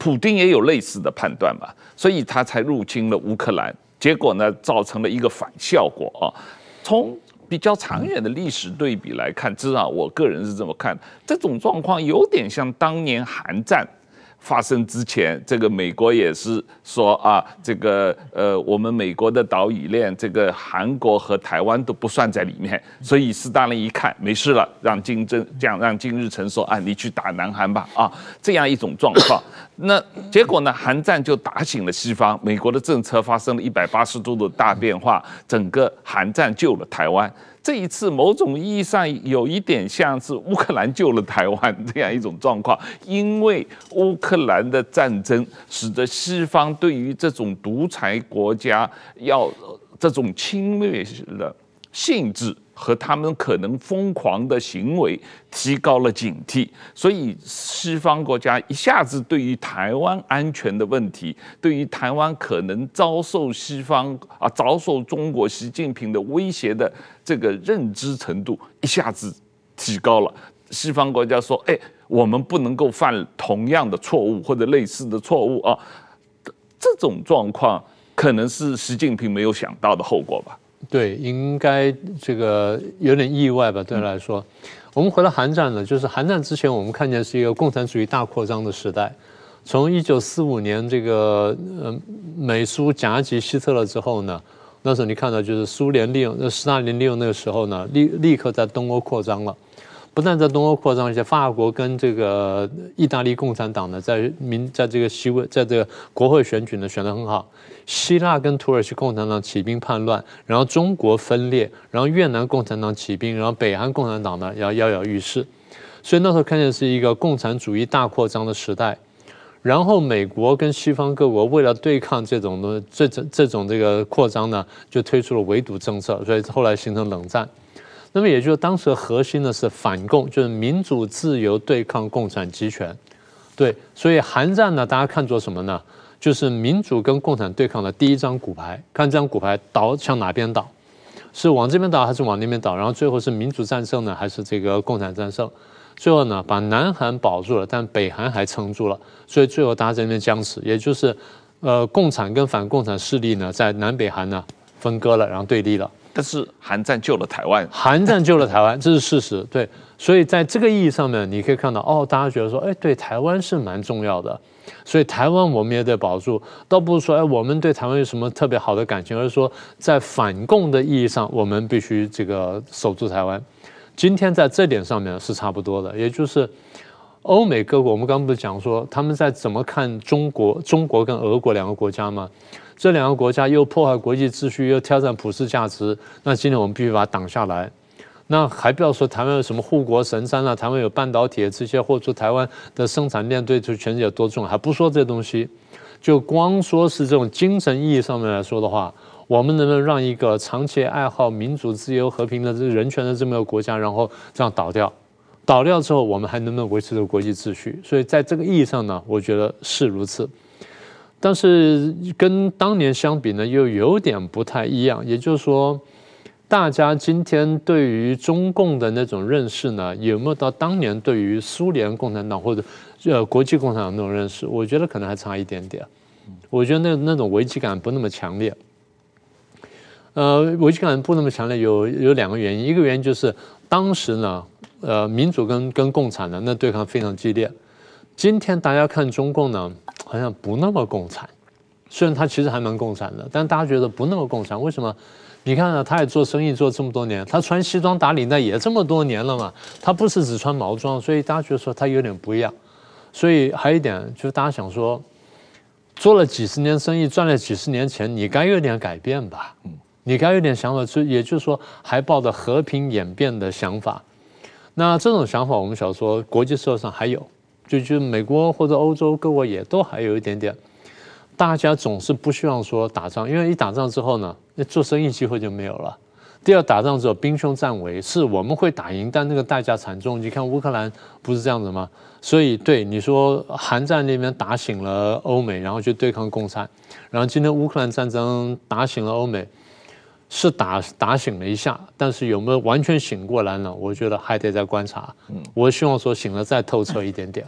普丁也有類似的判斷嘛，所以他才入侵了烏克蘭，結果呢，造成了一個反效果啊。從比較長遠的歷史對比來看，至少我個人是這麼看，這種狀況有點像當年韓戰。發生之前，這個美國也是說啊，這個呃，我們美國的島嶼鏈，這個韓國和台灣都不算在裡面，所以斯大林一看沒事了，讓金正這樣讓金日成說啊，你去打南韓吧啊，這樣一種狀況，那結果呢，韓戰就打醒了西方，美國的政策發生了一百八十度的大變化，整個韓戰救了台灣。這一次，某種意義上有一點像是烏克蘭救了台灣這樣一種狀況，因為烏克蘭的戰爭使得西方對於這種獨裁國家要這種侵略性的性質，和他們可能瘋狂的行為提高了警惕，所以西方國家一下子對於台灣安全的問題，對於台灣可能遭受西方啊遭受中國習近平的威脅的這個認知程度一下子提高了。西方國家說：“哎，我們不能夠犯同樣的錯誤或者類似的錯誤啊！”這種狀況可能是習近平沒有想到的後果吧。對，應該這個有點意外吧？對來說，嗯、我們回到韓戰呢，就是韓戰之前，我們看見是一個共產主義大擴張的時代。從一九四五年這個呃美蘇夾擊希特勒之後呢，那時候你看到就是蘇聯利用那斯大林利用那個時候呢，立立刻在東歐擴張了。不但在東歐擴張，而且法國跟這個意大利共產黨呢，在民在這個西，在這個國會選舉呢選得很好。希臘跟土耳其共產黨起兵叛亂，然後中國分裂，然後越南共產黨起兵，然後北韓共產黨呢要搖搖欲試。所以那時候看見是一個共產主義大擴張的時代。然後美國跟西方各國為了對抗這種東這種這種這個擴張呢，就推出了圍堵政策，所以後來形成冷戰。那麼也就是當時的核心呢是反共，就是民主自由對抗共產集權，對，所以韓戰呢大家看作什麼呢？就是民主跟共產對抗的第一張骨牌，看這張骨牌倒向哪邊倒，是往這邊倒還是往那邊倒？然後最後是民主戰勝呢還是這個共產戰勝？最後呢把南韓保住了，但北韓還撐住了，所以最後大家在這邊僵持，也就是呃共產跟反共產勢力呢在南北韓呢分割了，然後對立了。但是韓戰救了台灣，韓戰救了台灣，這是事實。對，所以在這個意義上面，你可以看到，哦，大家覺得說，誒，對，台灣是蠻重要的，所以台灣我們也得保住。倒不是說，誒，我們對台灣有什麼特別好的感情，而是說，在反共的意義上，我們必須這個守住台灣。今天在這點上面是差不多的，也就是。歐美各國，我們剛剛不是講說他們在怎麼看中國，中國跟俄國兩個國家嗎？這兩個國家又破壞國際秩序，又挑戰普世價值。那今天我們必須把它擋下來。那還不要說台灣有什麼護國神山啊，台灣有半導體這些，或者說台灣的生產鏈對全世界有多重，還不說這東西，就光說是這種精神意義上面來說的話，我們能不能讓一個長期愛好民主、自由、和平的這人權的這麼一個國家，然後這樣倒掉？倒掉之後，我們還能不能維持這個國際秩序？所以，在這個意義上呢，我覺得是如此。但是跟當年相比呢，又有點不太一樣。也就是說，大家今天對於中共的那種認識呢，有沒有到當年對於蘇聯共產黨或者呃國際共產黨的那種認識？我覺得可能還差一點點。我覺得那那種危機感不那麼強烈。呃，危機感不那麼強烈，有有兩個原因。一個原因就是當時呢。呃，民主跟跟共產的那對抗非常激烈。今天大家看中共呢，好像不那麼共產，雖然他其實還蠻共產的，但大家覺得不那麼共產。為什麼？你看呢，啊，他也做生意做這麼多年，他穿西裝打領帶也這麼多年了嘛，他不是只穿毛裝，所以大家覺得說他有點不一樣。所以還有一點，就是大家想說，做了幾十年生意，賺了幾十年錢，你該有點改變吧？嗯，你該有點想法，就也就是說還抱着和平演變的想法。那這種想法，我們想說，國際社會上還有，就就美國或者歐洲各國也都還有一點點，大家總是不希望說打仗，因為一打仗之後呢，那做生意機會就沒有了。第二，打仗之後兵凶戰危，是我們會打贏，但那個代價慘重。你看烏克蘭不是這樣子嗎？所以對你說，韓戰那邊打醒了歐美，然後去對抗共產，然後今天烏克蘭戰爭打醒了歐美。是打打醒了一下，但是有沒有完全醒過來呢？我覺得還得再觀察。嗯，我希望說醒了再透徹一點點。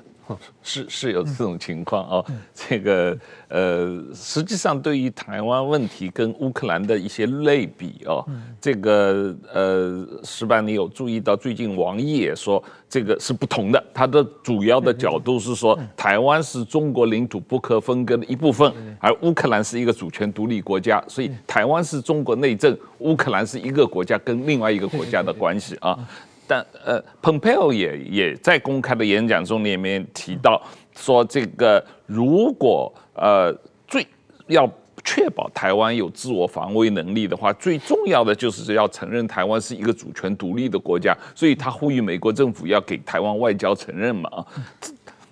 是，是有這種情況啊。嗯、這個，呃，實際上對於台灣問題跟烏克蘭的一些類比哦，嗯、這個，呃，矢板，你有注意到最近王毅也說，這個是不同的。他的主要的角度是說，對對對，台灣是中國領土不可分割的一部分，對對對，而烏克蘭是一個主權獨立國家，所以台灣是中國內政，烏克蘭是一個國家跟另外一個國家的關係啊。對對對對嗯但呃，蓬佩奧也也在公開的演講中裡面提到說，這個如果呃最要確保台灣有自我防衛能力的話，最重要的就是要承認台灣是一個主權獨立的國家。所以他呼籲美國政府要給台灣外交承認嘛啊。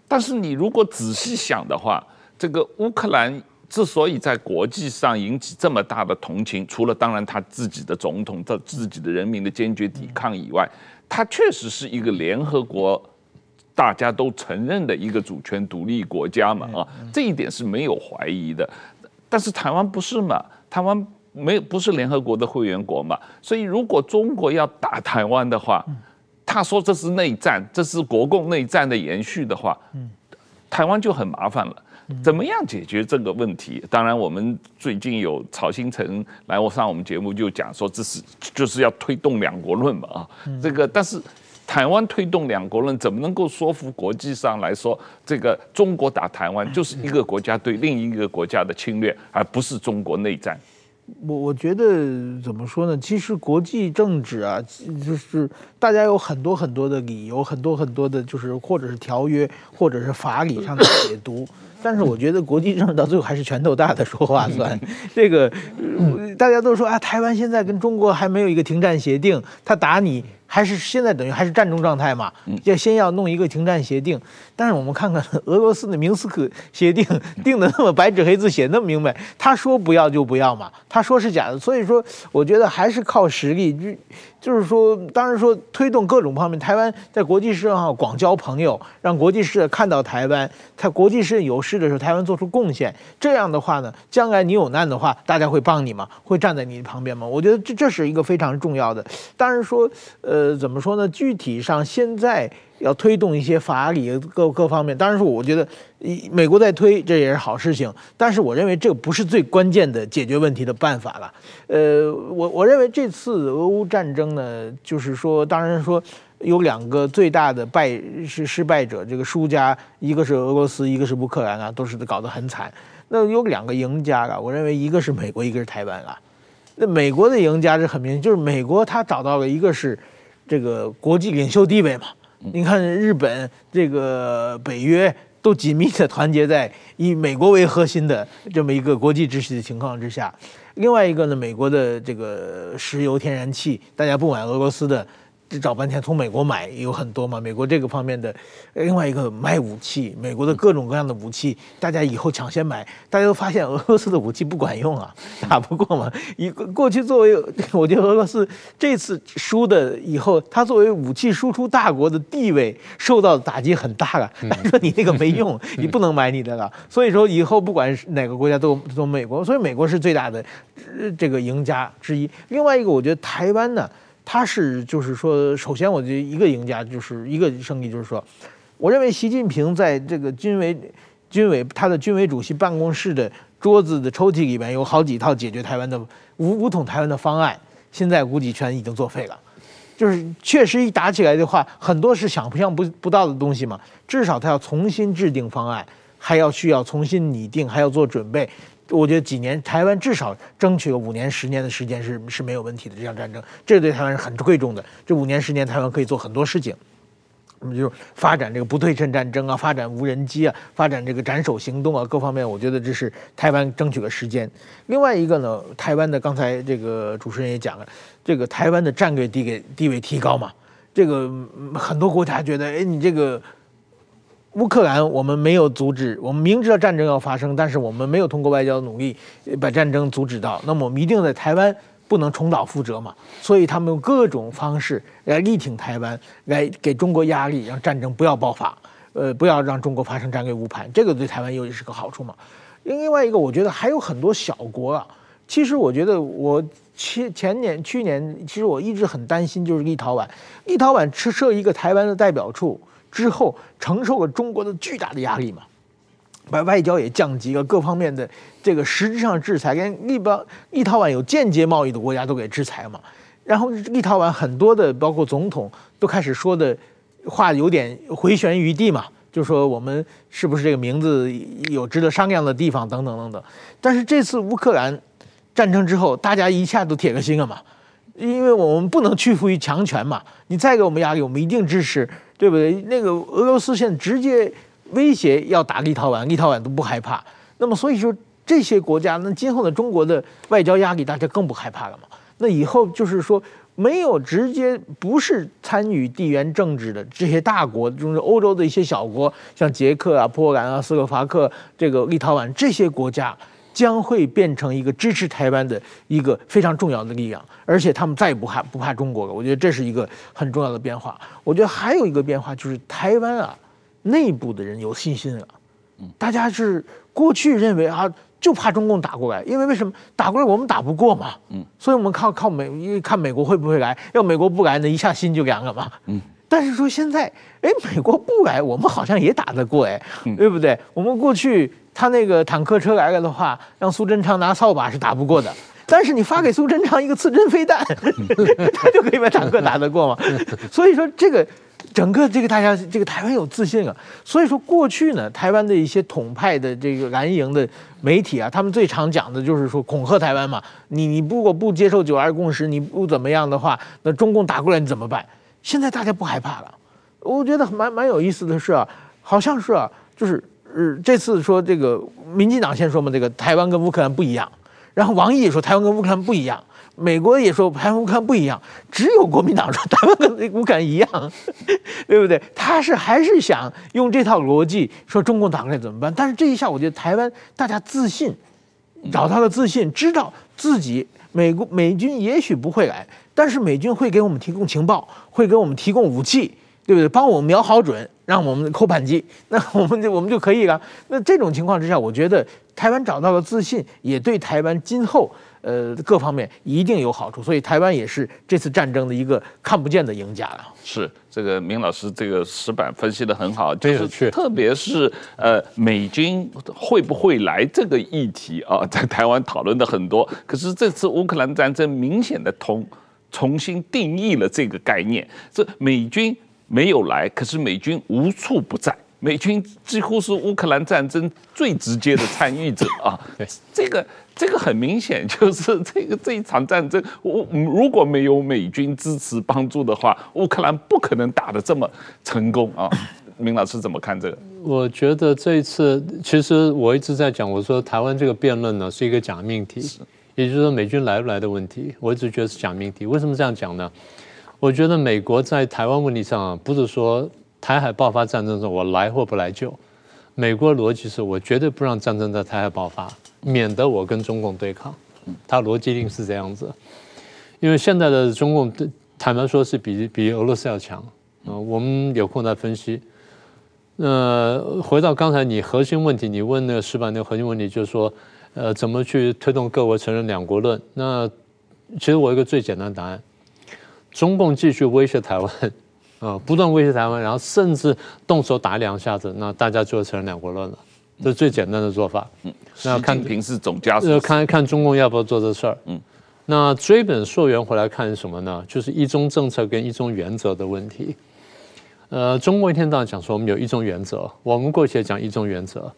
但是你如果仔細想的話，這個烏克蘭之所以在國際上引起這麼大的同情，除了當然他自己的總統、他自己的人民的堅決抵抗以外，他確實是一個聯合國大家都承認的一個主權獨立國家嘛，啊，這一點是沒有懷疑的。但是台灣不是嘛？台灣沒有，不是聯合國的會員國嘛？所以如果中國要打台灣的話，他說這是內戰，這是國共內戰的延續的話，台灣就很麻煩了。嗯、怎麼樣解決這個問題？當然，我們最近有曹興誠來我上我們節目就講說，這是就是要推動“兩國論”嘛，啊，這個，但是台灣推動“兩國論”，怎麼能夠說服國際上來說，這個中國打台灣就是一個國家對另一個國家的侵略，而不是中國內戰？我我覺得怎麼說呢？其實國際政治啊，就是大家有很多很多的理由，很多很多的，就是或者是條約，或者是法理上的解讀。 但是我覺得國際政治到最後還是拳頭大的說話算。 這個大家都說啊，台灣現在跟中國還沒有一個停戰協定，他打你。還是現在等於還是戰爭狀態嘛，要先要弄一個停戰協定。但是我們看看俄羅斯的明斯克協定定的那麼白紙黑字寫那麼明白，他說不要就不要嘛，他說是假的，所以說我覺得還是靠實力。就是說，當然說，推動各種方面，台灣在國際上廣交朋友，讓國際市場看到台灣，在國際市場有事的時候，台灣做出貢獻。這樣的話呢，將來你有難的話，大家會幫你嗎？會站在你旁邊嗎？我覺得這這是一個非常重要的。當然說，呃，怎麼說呢？具體上現在。要推動一些法理各各方面，當然是我覺得，美國在推這也是好事情，但是我認為這不是最關鍵的解決問題的辦法了。呃，我我認為這次俄烏戰爭呢，就是說，當然說有兩個最大的敗是失敗者，這個輸家一個是俄羅斯，一個是烏克蘭啊，都是搞得很慘。那有兩個贏家啊，我認為一個是美國，一個是台灣啊。那美國的贏家是很明顯，就是美國他找到了一個是這個國際領袖地位嘛。你、嗯、看，日本這個北約都緊密的團結在以美國為核心的這麼一個國際秩序的情況之下。另外一個呢，美國的這個石油、天然氣，大家不買俄羅斯的。就找半天從美國買有很多嘛，美國這個方面的另外一個賣武器，美國的各種各樣的武器，嗯、大家以後搶先買，大家都發現俄羅斯的武器不管用啊，嗯、打不過嘛。以過去作為，我覺得俄羅斯這次輸的以後，它作為武器輸出大國的地位受到的打擊很大了。說你那個沒用，嗯、你不能買你的了。嗯、所以說以後不管是哪個國家都都美國，所以美國是最大的這個贏家之一。另外一個，我覺得台灣呢。他是，就是說，首先，我覺得一個贏家，就是一個勝利，就是說，我認為習近平在這個軍委、軍委他的軍委主席辦公室的桌子的抽屜裡面有好幾套解決台灣的武武統台灣的方案，現在估計全已經作廢了，就是確實一打起來的話，很多是想不想不不到的東西嘛，至少他要重新制定方案，還要需要重新擬定，還要做準備。我覺得幾年，台灣至少爭取個五年、十年的時間是是沒有問題的。這場戰爭，這對台灣是很貴重的。這五年、十年，台灣可以做很多事情。那麼就發展這個不對稱戰爭啊，發展無人機啊，發展這個斬首行動啊，各方面，我覺得這是台灣爭取的時間。另外一個呢，台灣的剛才這個主持人也講了，這個台灣的戰略地位地位提高嘛，這個很多國家覺得，哎，你這個。烏克蘭，我們沒有阻止，我們明知道戰爭要發生，但是我們沒有通過外交努力把戰爭阻止到。那麼我們一定在台灣不能重蹈覆轍嘛。所以他們用各種方式來力挺台灣，來給中國壓力，讓戰爭不要爆發，呃，不要讓中國發生戰略誤判，這個對台灣又是個好處嘛。另外一個，我覺得還有很多小國，啊。其實我覺得我前前年去年，其實我一直很擔心，就是立陶宛，立陶宛設設一個台灣的代表處。之後承受了中國的巨大的壓力嘛，把外交也降級了，各方面的這個實質上制裁，連立邦、立陶宛有間接貿易的國家都給制裁嘛。然後立陶宛很多的包括總統都開始說的話有點回旋餘地嘛，就說我們是不是這個名字有值得商量的地方等等等等。但是這次烏克蘭戰爭之後，大家一下都鐵了心了嘛。因為我們不能屈服於強權嘛，你再給我們壓力，我們一定支持，對不對？那個俄羅斯現在直接威脅要打立陶宛，立陶宛都不害怕。那麼所以說這些國家，那今後的中國的外交壓力大家更不害怕了嘛。那以後就是說，沒有直接不是參與地緣政治的這些大國，就是歐洲的一些小國，像捷克啊、波蘭啊、斯洛伐克、這個立陶宛這些國家，將會變成一個支持台灣的一個非常重要的力量，而且他們再也不怕不怕中國了。我覺得這是一個很重要的變化。我覺得還有一個變化就是台灣啊，內部的人有信心了。嗯，大家是過去認為啊，就怕中共打過來，因為為什麼打過來我們打不過嘛？嗯，所以我們靠靠美，因為看美國會不會來，要美國不來呢，那一下心就涼了嘛。嗯，但是說現在，哎，美國不來，我們好像也打得過哎、欸，嗯，對不對？我們過去。他那個坦克車來了的話，讓蘇貞昌拿掃把是打不過的。但是你發給蘇貞昌一個刺針飛彈， 他就可以把坦克打得過嗎？所以說，這個整個，這個大家這個台灣有自信啊。所以說過去呢，台灣的一些統派的這個藍營的媒體啊，他們最常講的就是說恐嚇台灣嘛，你你如果不接受九二共識，你不怎麼樣的話，那中共打過來你怎麼辦？現在大家不害怕了。我覺得蠻蠻有意思的是啊，好像是啊，就是。呃，這次說這個，民進黨先說嘛，這個台灣跟烏克蘭不一樣。然後王毅也說台灣跟烏克蘭不一樣，美國也說台灣烏克蘭不一樣，只有國民黨說台灣跟烏克蘭一樣，對不對？他是還是想用這套邏輯說中共黨內怎麼辦？但是這一下，我覺得台灣大家自信找到了自信，知道自己美國美軍也許不會來，但是美軍會給我們提供情報，會給我們提供武器。對不對？幫我們瞄好準，讓我們扣扳機，那我們就我們就可以了。那這種情況之下，我覺得台灣找到了自信，也對台灣今後呃，各方面一定有好處。所以台灣也是這次戰爭的一個看不見的贏家啊！是這個明老師這個矢板分析得很好，就是特別是，是呃美軍會不會來這個議題啊，在台灣討論的很多。可是這次烏克蘭戰爭明顯的同重新定義了這個概念，這美軍，沒有來，可是美軍無處不在，美軍幾乎是烏克蘭戰爭最直接的參與者啊。 對這個這個很明顯，就是這個這一場戰爭，烏如果沒有美軍支持幫助的話，烏克蘭不可能打得這麼成功啊。明老師怎麼看這個？我覺得這一次，其實我一直在講，我說台灣這個辯論呢是一個假命題，是也就是說美軍來不來的問題，我一直覺得是假命題。為什麼這樣講呢？我覺得美國在台灣問題上、啊，不是說台海爆發戰爭的時候我來或不來救，美國的邏輯是我絕對不讓戰爭在台海爆發，免得我跟中共對抗，它邏輯一定是這樣子。因為現在的中共，坦白說是比比俄羅斯要強啊、呃。我們有空再分析。那、呃、回到剛才你核心問題，你問那個矢板那個核心問題，就是說，呃，怎麼去推動各國承認兩國論？那其實我有一個最簡單的答案。中共繼續威脅台灣，啊、嗯，不斷威脅台灣，然後甚至動手打兩下子，那大家就成承兩國論了，嗯、這是最簡單的做法。嗯，習近平是總加速看看，看中共要不要做這事兒。嗯，那追本溯源回來看什麼呢？就是一中政策跟一中原則的問題。呃，中國一天到晚講說我們有一中原則，我們過去也講一中原則，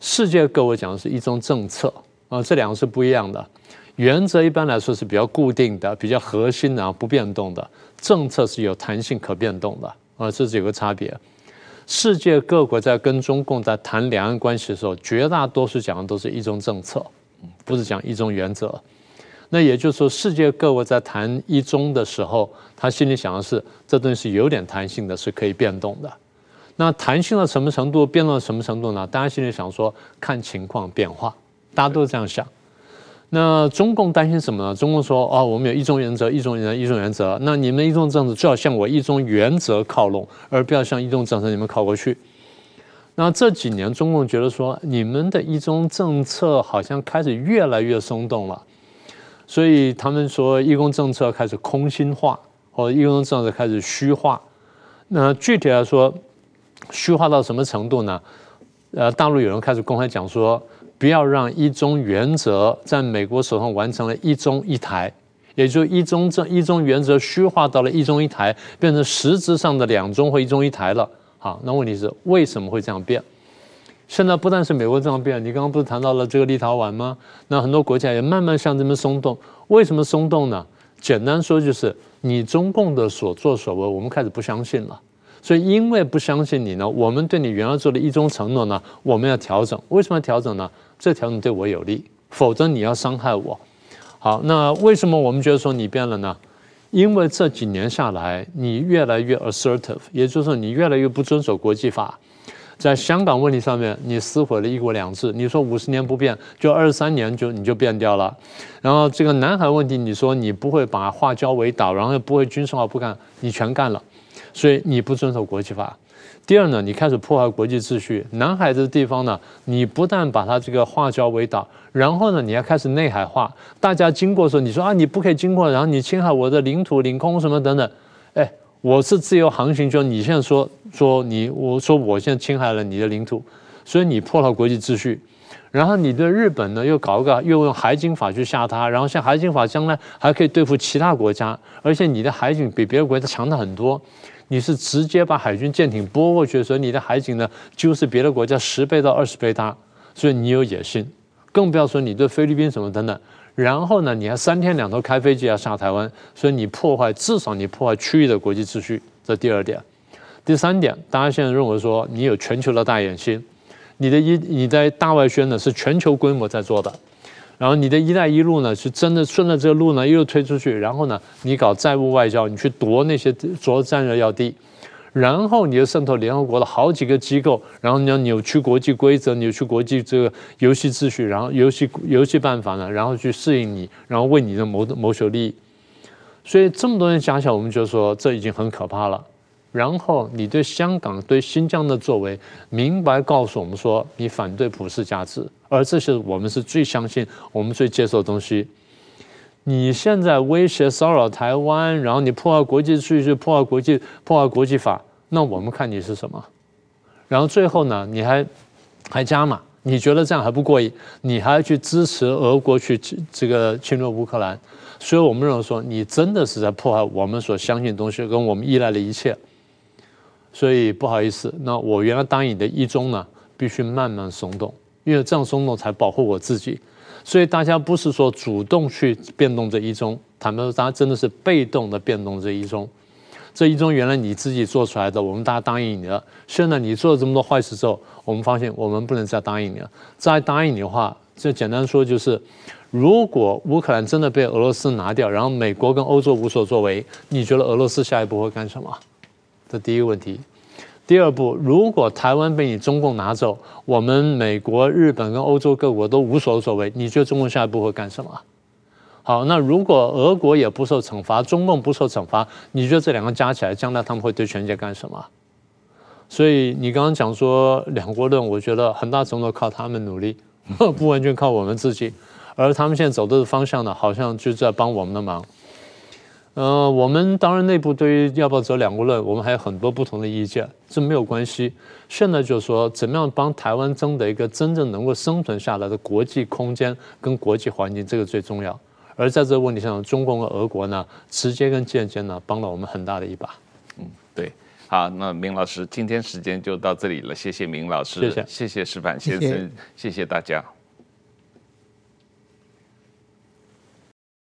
世界各位講的是一中政策，啊、嗯，這兩個是不一樣的。原則一般來說是比較固定的，比較核心的啊、不變動的，政策是有彈性可變動的啊，這是有個差別。世界各國在跟中共在談兩岸關係的時候，絕大多數講的都是一中政策，不是講一中原則。那也就是說，世界各國在談一中的時候，他心裡想的是這東西是有點彈性的，是可以變動的。那彈性到什麼程度，變動到什麼程度呢？大家心裡想說，看情況變化，大家都這樣想。那中共擔心什麼呢？中共說：哦，我們有一中原則，一中原則，一中原則。那你們一中政策就要向我一中原則靠攏，而不要向一中政策你們靠過去。那這幾年，中共覺得說，你們的一中政策好像開始越來越鬆動了，所以他們說，一中政策開始空心化，或者一中政策開始虛化。那具體來說，虛化到什麼程度呢？呃，大陸有人開始公開講說。不要讓一中原則在美國手上完成了一中一台，也就是一中這一中原則虛化到了一中一台，變成實質上的兩中或一中一台了。好，那問題是為什麼會這樣變？現在不但是美國這樣變，你剛剛不是談到了這個立陶宛嗎？那很多國家也慢慢向這邊鬆動。為什麼鬆動呢？簡單說就是你中共的所作所為，我們開始不相信了。所以，因為不相信你呢，我們對你原來做的一種承諾呢，我們要調整。為什麼要調整呢？這調整對我有利，否則你要傷害我。好，那為什麼我們覺得說你變了呢？因為這幾年下來，你越來越 assertive，也就是說你越來越不遵守國際法。在香港問題上面，你撕毀了一國兩制，你說五十年不變，就二十三年就你就變掉了。然後這個南海問題，你說你不會把化礁為島，然後又不會軍事化不幹，你全幹了。所以你不遵守國際法，第二呢，你開始破壞國際秩序。南海這個地方呢，你不但把它這個化礁為島，然後呢，你要開始內海化。大家經過的時候，你說啊，你不可以經過，然後你侵害我的領土、領空什麼等等。哎，我是自由航行，就你現在說說你，我說我現在侵害了你的領土，所以你破壞國際秩序。然後你對日本呢，又搞一個，又用海警法去嚇他。然後像海警法將來還可以對付其他國家，而且你的海警比別的國家強大很多。你是直接把海軍艦艇撥過去，所以你的海警呢，就是別的國家十倍到二十倍大，所以你有野心，更不要說你對菲律賓什麼等等。然後呢，你還三天兩頭開飛機要嚇台灣，所以你破壞，至少你破壞區域的國際秩序，這第二點。第三點，大家現在認為說你有全球的大野心，你的一，你在大外宣呢，是全球規模在做的。然後你的“一帶一路”呢，是真的順着這個路呢，又推出去。然後呢，你搞債務外交，你去奪那些主要戰略要地，然後你又滲透聯合國的好幾個機構，然後你要扭曲國際規則，扭曲國際這個遊戲秩序，然後遊戲遊戲辦法呢，然後去適應你，然後為你的謀謀求利益。所以這麼多人加起來，我們就說，這已經很可怕了。然後你對香港、對新疆的作為，明白告訴我們說，你反對普世價值，而這是我們是最相信、我們最接受的東西。你現在威脅、騷擾台灣，然後你破壞國際秩序、破壞國際、破壞國際法，那我們看你是什麼？然後最後呢，你還還加碼，你覺得這樣還不過癮，你還要去支持俄國去這個侵略烏克蘭。所以我們認為說，你真的是在破壞我們所相信的東西，跟我們依賴的一切。所以不好意思，那我原來答應你的一中呢，必須慢慢鬆動，因為這樣鬆動才保護我自己。所以大家不是說主動去變動這一中，坦白說，大家真的是被動的變動這一中。這一中原來你自己做出來的，我們大家答應你了，現在你做了這麼多壞事之後，我們發現我們不能再答應你了。再答應你的話，就簡單說就是：如果烏克蘭真的被俄羅斯拿掉，然後美國跟歐洲無所作為，你覺得俄羅斯下一步會幹什麼？這第一個問題，第二步，如果台灣被你中共拿走，我們美國、日本跟歐洲各國都無所作為。你覺得中共下一步會幹什麼？好，那如果俄國也不受懲罰，中共不受懲罰，你覺得這兩個加起來，將來他們會對全世界幹什麼？所以你剛剛講說“兩國論”，我覺得很大程度靠他們努力，不完全靠我們自己。而他們現在走的方向呢，好像就在幫我們的忙。呃，我們當然內部對於要不要走兩國論，我們還有很多不同的意見，這沒有關係。現在就是說，怎麼樣幫台灣爭得一個真正能夠生存下來的國際空間跟國際環境，這個最重要。而在這個問題上，中共和俄國呢，直接跟間接呢，幫了我們很大的一把。嗯，對。好，那明老師，今天時間就到這裡了，謝謝明老師，謝謝，謝謝矢板先生，謝謝，謝謝大家。